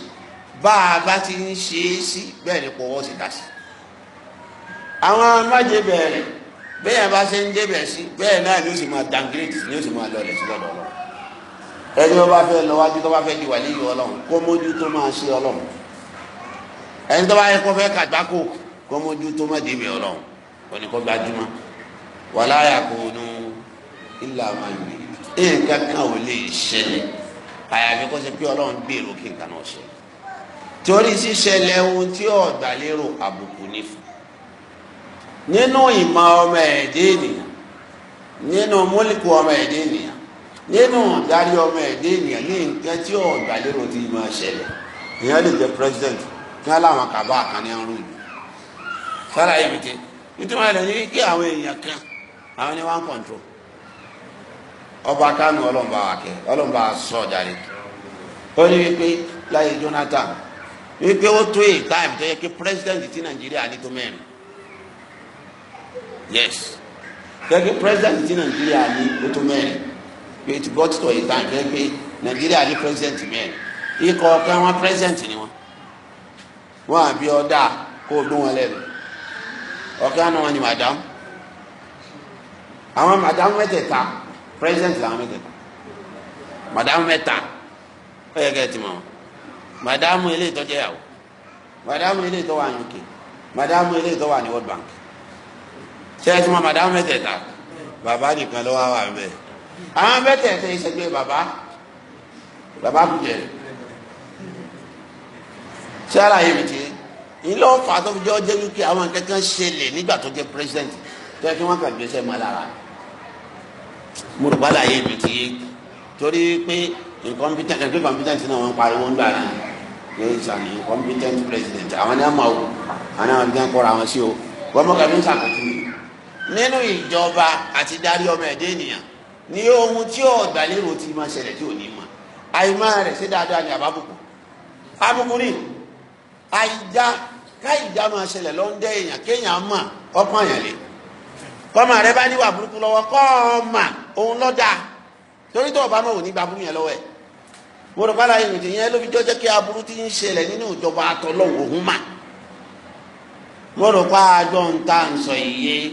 bá a bá ti ń ṣe é sí bẹ́ẹ̀ ni pọ̀wọ́ ti dà sí àwọn májèbẹ bẹ́ẹ̀ bá ṣe ń débẹ̀ sí bẹ́ẹ̀ náà ni ó sì máa downgrade ni ó sì máa lọlẹ̀ sí lọ́dọ̀ ọlọ́run ẹni wọ́n bá fẹ́ lọ wájú tó bá fẹ́ di wàlíyù ọlọ́run kó mójú tó máa ṣe ọlọ́run ẹni tó bá yẹ kó fẹ́ kàgbákò kó mójú tó má débẹ̀ ọlọ́run kò ní kó gbajúmọ́ wàlá yakunu illa ma yuri nǹkan kan ò lè ṣẹlẹ̀ àyàfi kó ṣe pé ọlọ́run gbèrò kí nǹkan náà ṣe torí ṣíṣẹlẹ̀ ohun tí ọ̀gbà lérò àbùkù ní fún nínú ìmọ̀ ọmọ ẹ̀dẹ́ ènìyàn nínú mólíkù ọmọ ẹ̀dẹ́ ènìyàn nínú ìdarí ọmọ ẹ̀dẹ́ ènìyàn ní nǹkan tí ò gbàlérò ti máa ṣẹlẹ̀ èèyàn lè jẹ president kí wọ́n láwọn kàbá kan ní ọrùn ìlú sára ibi tẹ nítorí wọn lè ní kí àwọn èèyàn kan àwọn ni wọ́n control ọba kánú ọlọ́mọba àkẹ́ ọlọ́mọba sọ̀jà rẹ̀ ó ní wípé láyé Jonathan wípé ó tó èyí táìmù tó yẹ kí president ti Nàìjíríà ní tó mẹ́rin yes gẹ́gẹ́ president ti nàìjíríà ní o tó mẹ́rin pé it got to a time gẹ́gẹ́ pé nàìjíríà ní president mẹ́rin ikọ̀ ọ̀kan wọn president ni wọn wọn àbí ọ̀dà kó o dún wọn lẹ́nu ọ̀kan náà wọn ni madam àwọn madam mẹ́tẹ̀ẹ̀ta president làwọn mẹ́tẹ̀ẹ̀ta madam mẹ́ta ó yẹ kẹ́ ẹ ti mọ̀ madam eléyìí tó jẹ́ yàwó madam eléyìí tó wà ní UK madam eléyìí tó wà ní World Bank sẹ́yìn mọ́ madame mẹ́tẹ̀ẹ̀ta bàbá nìkan ló wá wà bẹ́ẹ̀ àwọn mẹ́tẹ̀ẹ̀ta yìí sẹ́gbẹ́ bàbá bàbá kùjẹ́ sára yìí ti ilé ọ̀fà tó fi jọ́ jẹ́ wípé àwọn kankan ṣẹlẹ̀ nígbà tó jẹ́ president tó yẹ kí wọ́n kà gbèsè mọ́ lára mo rò bàlá yìí ti torí pé incompetent ẹgbẹ́ competent náà wọ́n pariwo ń gbà náà yóò sàn incompetent president àwọn ní àmọ́ àwọn àwọn àti kọ́ra àwọn sí o wọ́n mọ̀ kàbí ń sàkóso mi nínú ìjọba àti darí ọmọ ẹ̀dẹ́ ènìyàn ní ohun tí ọ̀gbàlérò ti máa ṣẹlẹ̀ tí ò ní mọ̀ àìmọ̀ rẹ̀ sí dáadáa ní àbábùkù àbùkù ni àìjá káìjá máa ṣẹlẹ̀ lọ́ndẹ̀ èèyàn kéèyàn mọ̀ ọkàn èèyàn lè kọ́mọ rẹ bá níwà burúkú lọ́wọ́ kọ́ọ̀mà òun lọ́dà torí tó o bá mọ̀ òní gba burú yẹn lọ́wọ́ ẹ̀ mo rò pálá yìí nìyẹn yẹn ló fi jọ́jọ́ kí aburú ti ń ṣẹlẹ̀ nínú ìjọba atọ́lọ́wọ̀ òun mà mo rò pa àjọ ń ta ń sọ ìyẹn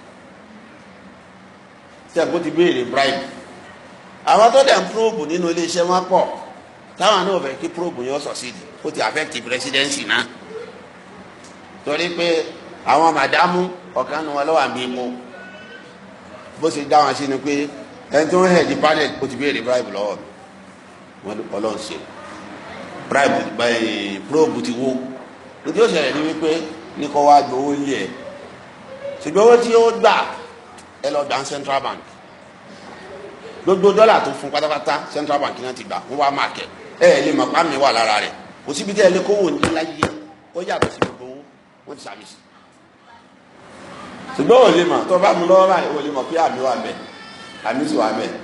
sẹ́kó ti béèrè bribe àwọn tó dẹ̀ ń probe nínú iléeṣẹ́ wọn pọ̀ táwọn náà fẹ́ kí probe yóò succeed ó ti affect presidency náà torí pé àwọn màdámù ọ̀kan nu wọn lọ́wọ́ àmì ipò bó ṣe dá wọn sí ni pé ẹni tó ń hẹ̀ di panel ó ti béèrè bribe lọ́wọ́ mi wọ́n ọlọ́run ṣe bribe eh, probe ti wó nítorí ó ṣẹlẹ̀ ní wípé ní kọ́ wá gbowó lé ṣùgbọ́n owó tí ó gbà ẹ lọ gbà central bank gbogbo dọ́là tó fún pátápátá central bank náà ti gbà wọ́n wá máa kẹ́ ẹ ẹ lè mọ̀ pa mi wà lára rẹ̀ kò síbi tẹ́ ẹ lè kówó ní láyé ó yàtọ̀ sí gbogbo owó wọ́n ti sàmì sí. ṣùgbọ́n ò lè mọ̀ tó bá mu lọ́wọ́ báyìí ò lè mọ̀ pé àmì wà bẹ́ẹ̀ àmì sì wà bẹ́ẹ̀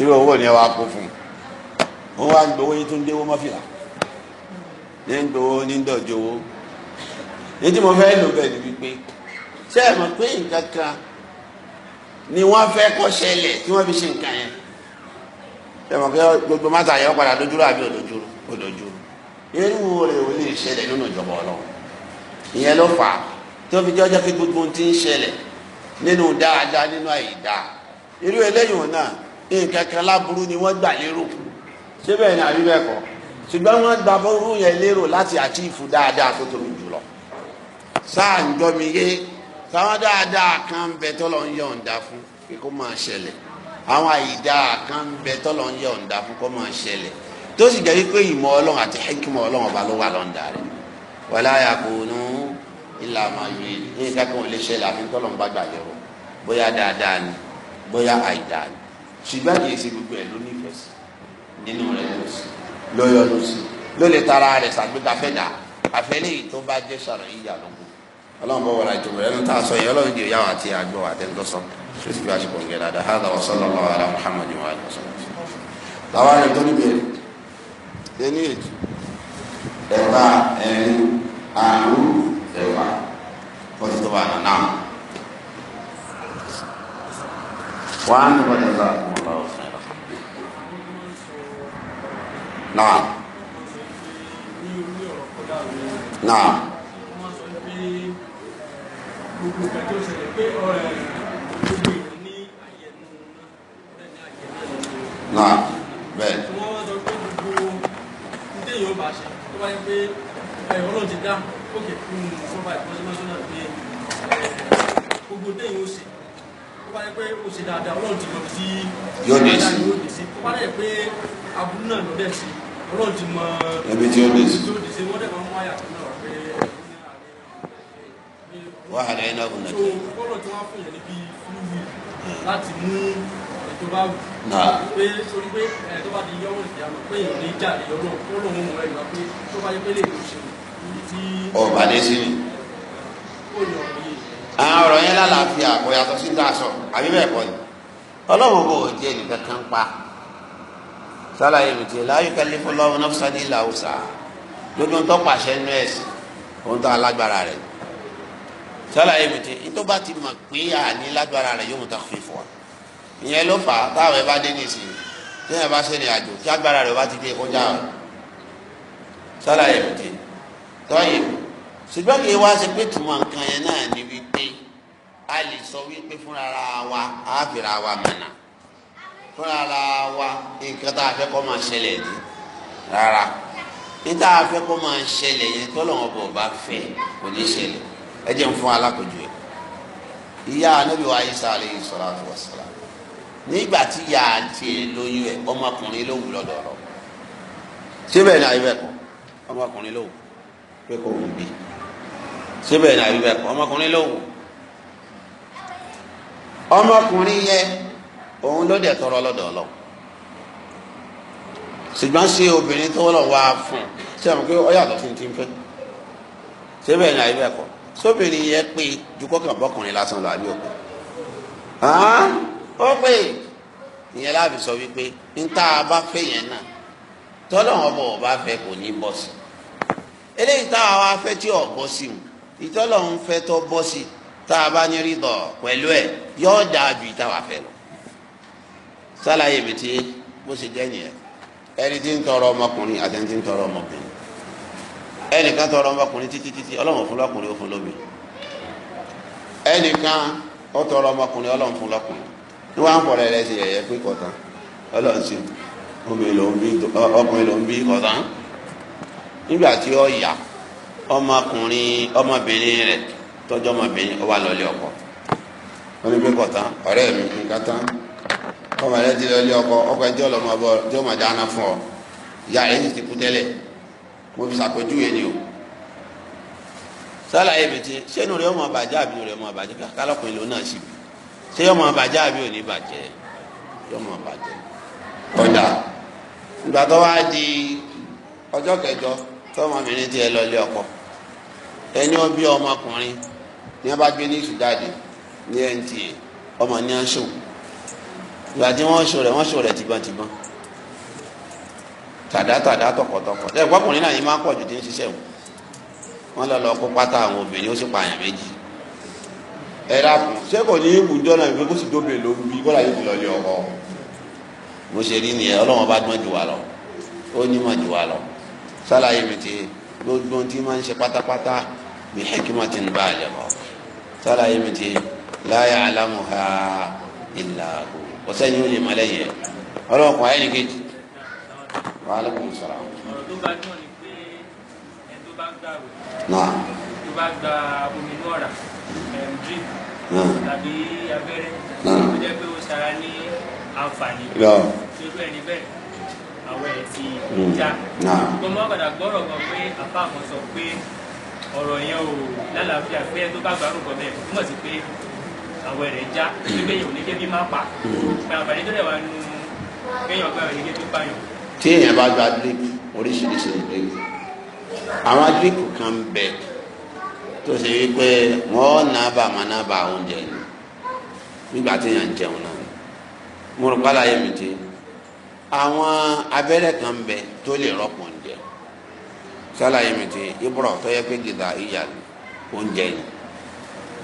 irú owó ni ẹ wá kó fún un wọ́n wá ń gbowó yín tó ń déwó mọ́fìlà ní ń gbowó ní ń dọ̀jọ́ owó èyí tí mo fẹ́ lò bẹ́ẹ̀ ni wípé ṣé ẹ mọ̀ pé nǹkan kan ni wọ́n fẹ́ kó ṣẹlẹ̀ tí wọ́n fi ṣe nǹkan yẹn ṣé ẹ mọ̀ pé gbogbo mátà yẹn padà lójúrò àbí òdòjúrò òdòjúrò irú wo lè wọlé ìṣẹ̀lẹ̀ nínú ìjọba Ọlọ́run ìyẹn ló fà á tó fi jẹ́ ọjọ́ pé gbogbo ti ń ṣẹlẹ̀ nínú dáadáa nínú àìdáa irú eléyìí náà nǹkan kan láburú ni wọ́n gbà lérò ṣé bẹ́ẹ̀ ni àbí bẹ́ẹ̀ kọ́ ṣùgbọ́n wọ́n gbà fún yẹn lérò láti àtìfù dáadáa tó tóbi jùlọ sáà ń jọ mi yé táwọn dáadáa kan ń bẹ tọ́lọ̀ ń yọ̀ǹda fún pé kó máa ṣẹlẹ̀ àwọn àìdáa kan ń bẹ tọ́lọ̀ ń yọ̀ǹda fún kó máa ṣẹlẹ̀ tó sì jẹ́ wípé ìmọ̀ ọlọ́run àti hẹ́kìmọ̀ ọlọ́run ọba ló wà lọ́ǹda rẹ̀ wàlá yakunu illa ma yuri ní ìdákan òlé ṣẹlẹ̀ àfi tọ́lọ̀ ń bá gbà yẹ̀rọ bóyá dáadáa ni bóyá àìdáa ni ṣùgbọ́n kì í ṣe gbogbo ẹ̀ ló nífẹ̀ẹ́ sí nínú ọlọ́run bọ̀ wọlé àjọyọ̀ ẹnu tá a sọ yìí ọlọ́run jù yà wà tí a gbọ́ àtẹnudọ́sọ ṣùgbọ́n bí a ṣe kò ń gẹ̀ dáadáa hàdà wà sọ́lá lọ́wọ́ àlà muhammadu wa alẹ́ sọ́lá. làwọn arìnrìn tó níbi ẹni èjì ẹ̀ka ẹ̀rin àrùn ẹ̀wà wọ́n ti tó wà nàná. wàá ní wọ́n ti tó wà nàná. nàá. nàá gbogbo ìgbà tó ṣẹlẹ̀ pé ọ̀rẹ́ gbogbo èèyàn ní àyẹ̀nù ọ̀rẹ́ ní àyẹ̀nù. náà bẹ́ẹ̀. tí wọ́n wá sọ pé gbogbo ndé yóò bá ṣe tó wáyé pé ọlọ́run ti dá òkè fún un fún báyìí wọ́n ṣe máa sọ́nà pé gbogbo ndé yóò ṣe tó wáyé pé ó ṣe dáadáa ọlọ́run ti mọ̀ sí yóò dé sí tó wáyé pé aburú náà ló dẹ̀ sí ọlọ́run ti mọ̀ ẹbí tí ó dé sí wọ́n dẹ̀ wà á lẹ́yìn náà fún nàdí. kọ́lọ̀ tí wọ́n fún yẹn níbi fúlùwì láti mú ètò bá wù. pé sori pé tó bá di yọ̀wọ̀ ìdí àná pé èèyàn lè jà lè yọ̀rọ̀ kọ́lọ̀ ohun rẹ̀ gbà pé tó bá yẹ pé lè lò ṣe tí. ọba ní sí ni. àwọn ọ̀rọ̀ yẹn lálàáfíà kò yàtọ̀ sí dáṣọ àbí bẹ́ẹ̀ kọ́ ni ọlọ́run kò jẹ́ nìkan kan pa sálàyé mi tiẹ̀ láyé sálàyé mi ti ìtọ́ bá ti mọ̀ pé àní lágbára rẹ̀ yóò mú tán fífọ́ wa ìyẹn ló fà á táwọn ẹ bá dé nìsín tí ẹ bá ṣe ní àjò kí agbára rẹ̀ bá ti gbé kọjá o sálàyé mi ti tọ́yì ṣùgbọ́n kì í wá ṣe pé tùmọ̀ nǹkan yẹn náà ni wípé a lè sọ wípé fúnra wa á fìra wa mọ̀nà fúnra wa nǹkan tá a fẹ́ kọ́ máa ṣẹlẹ̀ ní rárá níta a fẹ́ kọ́ máa ṣẹlẹ̀ yẹn tọ́lọ́wọ́n ẹ jẹ́ n fún alákòjú ẹ̀ ìyá anabi wa ayisa aleyhi salatu wa salam nígbà tí ìyá àti lóyún ẹ̀ ọmọkùnrin ló wù lọ́dọọlọ síbẹ̀ ní ayé bẹ́ẹ̀ kọ́ ọmọkùnrin ló wù pé kò wù bí síbẹ̀ ní ayé bẹ́ẹ̀ kọ́ ọmọkùnrin ló wù ọmọkùnrin yẹ òun ló dẹ̀ tọrọ lọ́dọọlọ ṣùgbọ́n ṣe obìnrin tó lọ wá fún un ṣé àwọn pé ọ fún un ti ń fẹ́ síbẹ̀ ní ayé bẹ́ẹ̀ kọ́ sóbìnrin yẹn pé jukọ́ kan bọ́kùnrin lásán lọ àbí òkú ó pè ìyẹn láàbì sọ wípé ń tá a bá fẹ́ yẹn náà tọ́lọ́wọ́n bọ̀ ọba fẹ́ kò ní bọ́ sí eléyìí tá a wá fẹ́ tí ò bọ́ sí mu ìtọ́lọ́wọ́n fẹ́ tó bọ́ sí tá a bá ní rí dọ̀ pẹ̀lú ẹ̀ yóò dáa ju ìtawà fẹ́ lọ sálàyé mi ti bó ṣe jẹ́ nìyẹn ẹni tí ń tọrọ ọmọkùnrin àti ẹni tí ń tọrọ ọmọbìnrin. ẹnìkan tọrọ ọmọkùnrin títí títí ọlọ́run fún lọ́kùnrin ó fún lómi ẹnìkan ó tọrọ ọmọkùnrin ọlọ́run fún lọ́kùnrin ní wàá ń bọ̀ ṣe yẹ̀yẹ́ pé kọ̀tàn ọlọ́run a ọkùnrin ló ń bí kọ̀tàn nígbà tí ó yà ọmọkùnrin ọmọbìnrin ọmọbìnrin ó wà ọkọ wọn pé ọ̀rẹ́ mi nǹkan tán ọmọ rẹ ti ọkọ ọkọ fún ọ ìyá rẹ mo fi sàpèjúwe ni o sálàyé mi ti ṣé inú rẹ ọmọ bàjẹ́ àbí inú rẹ ọmọ bàjẹ́ kálọ́kùnrin lòun náà sì bí ṣé yọmọ bàjẹ́ àbí òní bàjẹ́ yọmọ bàjẹ́ ọ̀dà ìgbà tó wá di ọjọ́ kẹjọ tọmọbìnrin tiẹ̀ lọ ilé ọkọ ẹni ó bí ọmọkùnrin ní a bá gbé ní ìsúdáde ní nta ọmọ ní a ìgbà tí wọ́n ṣòwò rẹ̀ wọ́n ṣòwò rẹ̀ tìbọntìbọn tàdátàdá tọkọtọkọ ẹ gbọkùnrin náà yìí máa pọ̀ ju tí ń ṣiṣẹ́ wọn wọn lọ lọ kó pátá àwọn obìnrin ó sì pààyàn méjì ẹ dákun ṣé kò ní wùjọ náà ìfẹ́ kó sì dóbe ló bí kọ́lá yóò fi lọ lé mo ṣe rí nìyẹn ọlọ́wọ́n bá dún jù wá lọ ó ní mà jù wá lọ sálàyé mi ti gbogbo tí máa ń ṣe pátápátá bí hikimatin bá a lè sálàyé mi ti la ya'lamuha illa ọ̀sẹ̀ ni ó lè mọ lẹ́yìn ẹ̀ ọlọ́wọ́n kọ́ ayé ni kejì wa aleykum salaam. ọ̀rọ̀ tó gbajúmọ̀ ni pé ẹni tó bá gbà wẹ̀. náà. tó bá gba omi inú ọ̀rá drip tàbí abẹ́rẹ́ tó jẹ́ pé ó ṣara ní àǹfààní. tó bẹ́ẹ̀ ni bẹ́ẹ̀ àwẹ̀ ti hmm. já. gbọ́n mọ́ padà gbọ́rọ̀ kan pé àfa kan sọ pé ọ̀rọ̀ yẹn ò lálàáfíà pé ẹni tó bá gbàrú kan bẹ́ẹ̀ túmọ̀ sí pé àwẹ̀ rẹ̀ já pé hmm. kéèyàn ò ní jẹ́ bí má pa. Hmm. pé àǹfààní tó dẹ̀ wá nu kéèyàn gbà ò ní jẹ́ bí pààyàn tí èèyàn bá gba drink oríṣiríṣi drink àwọn drink kan bẹ tó ṣe wípé wọn nà bà má nà bà oúnjẹ ni nígbà tí èèyàn jẹun náà mo rò pálá yẹ mi ti àwọn abẹ́rẹ́ kan bẹ tó lè rọ́pò oúnjẹ sálàyé mi ti ibùrọ̀ tó yẹ pé gidà ìyá oúnjẹ ni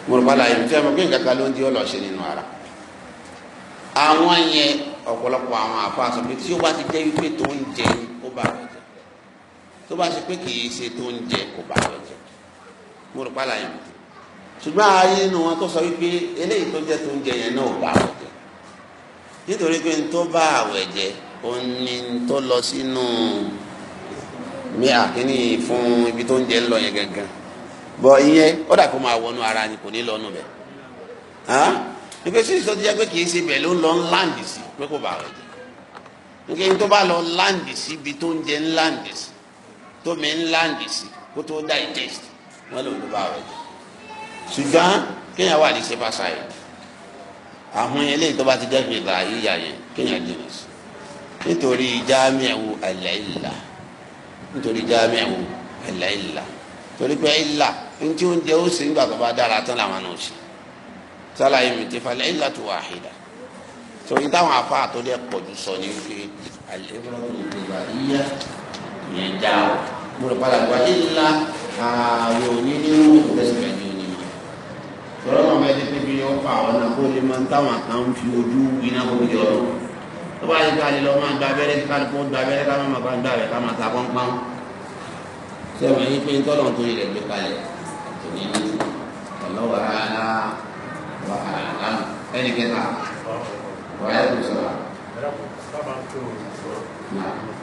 mo rò pálá yẹ mi ti ẹ mọ̀ pé nǹkan kan ló ń di ọlọ́ọ̀ṣẹ́ nínú ara àwọn yẹn ọ̀pọ̀lọpọ̀ àwọn àfáà sọ pé tí ó bá ti jẹ́ wípé tó ń jẹ kó bá rẹ̀ jẹ tó bá ṣe pé kì í ṣe tó ń jẹ kó bá rẹ̀ jẹ mo rò pálá yẹn ṣùgbọ́n ayé inú wọn tó sọ wípé eléyìí tó jẹ́ tó ń jẹ yẹn náà ò bá rẹ̀ jẹ nítorí pé ntó bá àwẹ̀ jẹ òun ni lọ sínú mi àkíní fún ibi tó ń jẹ ńlọ yẹn gangan bọ ìyẹn ó dà kó máa wọnú ara ni kò ní lọ nù bẹ́ẹ̀ ìgbésí tó ti jẹ́ pé kì í ṣe bẹ̀ ló lọ ńláǹdì sí pé kò bá rẹ̀ jẹ́ nígbà tó bá lọ ńláǹdì sí ibi tó ń jẹ ńláǹdì sí tó ńláǹdì sí kó tó digest wọ́n lò ló bá rẹ̀ jẹ́ ṣùgbọ́n kéèyàn wà ní ṣẹ́fà ṣáyé àwọn eléyìí tó bá ti dẹ́kun ìlà yíyà yẹn kéèyàn jìnnà sí nítorí jámẹ́wò àlàyìlà nítorí jámẹ́wò àlàyìlà torí pé ìlà ní oúnjẹ ó sì ń gbà dára tán làwọn náà ṣe sálàyé mi ti falẹ̀ ilà tó wà hìdá tó ní táwọn afa àtọ́lẹ̀ pọ̀jù sọ ní wípé àlébùrọ̀ tó wà yíyá yẹn dá o gbọdọ̀ padà wá ilà ààrẹ òní ní wọ́n tẹ̀síkẹ̀ ní òní mọ́ tọ́lọ́ náà bẹ́ẹ̀ tẹ́tẹ́ bí wọ́n pa àwọn náà kó lè máa ń táwọn kan fi ojú iná kó jọ lọ tó bá yẹ ká lè lọ máa gba abẹ́rẹ́ ká lè kó gba abẹ́rẹ́ ká máa máa gba abẹ́rẹ́ ká máa ta pọ́npọ́n sẹ́wọ̀n yín pé tọ́lọ̀ tó yẹ lẹ́gbẹ̀ẹ́ kalẹ̀ òní ní ọlọ́wọ́ rárá wàhálà ẹnì kẹta wàhálà tó sọ̀rọ̀.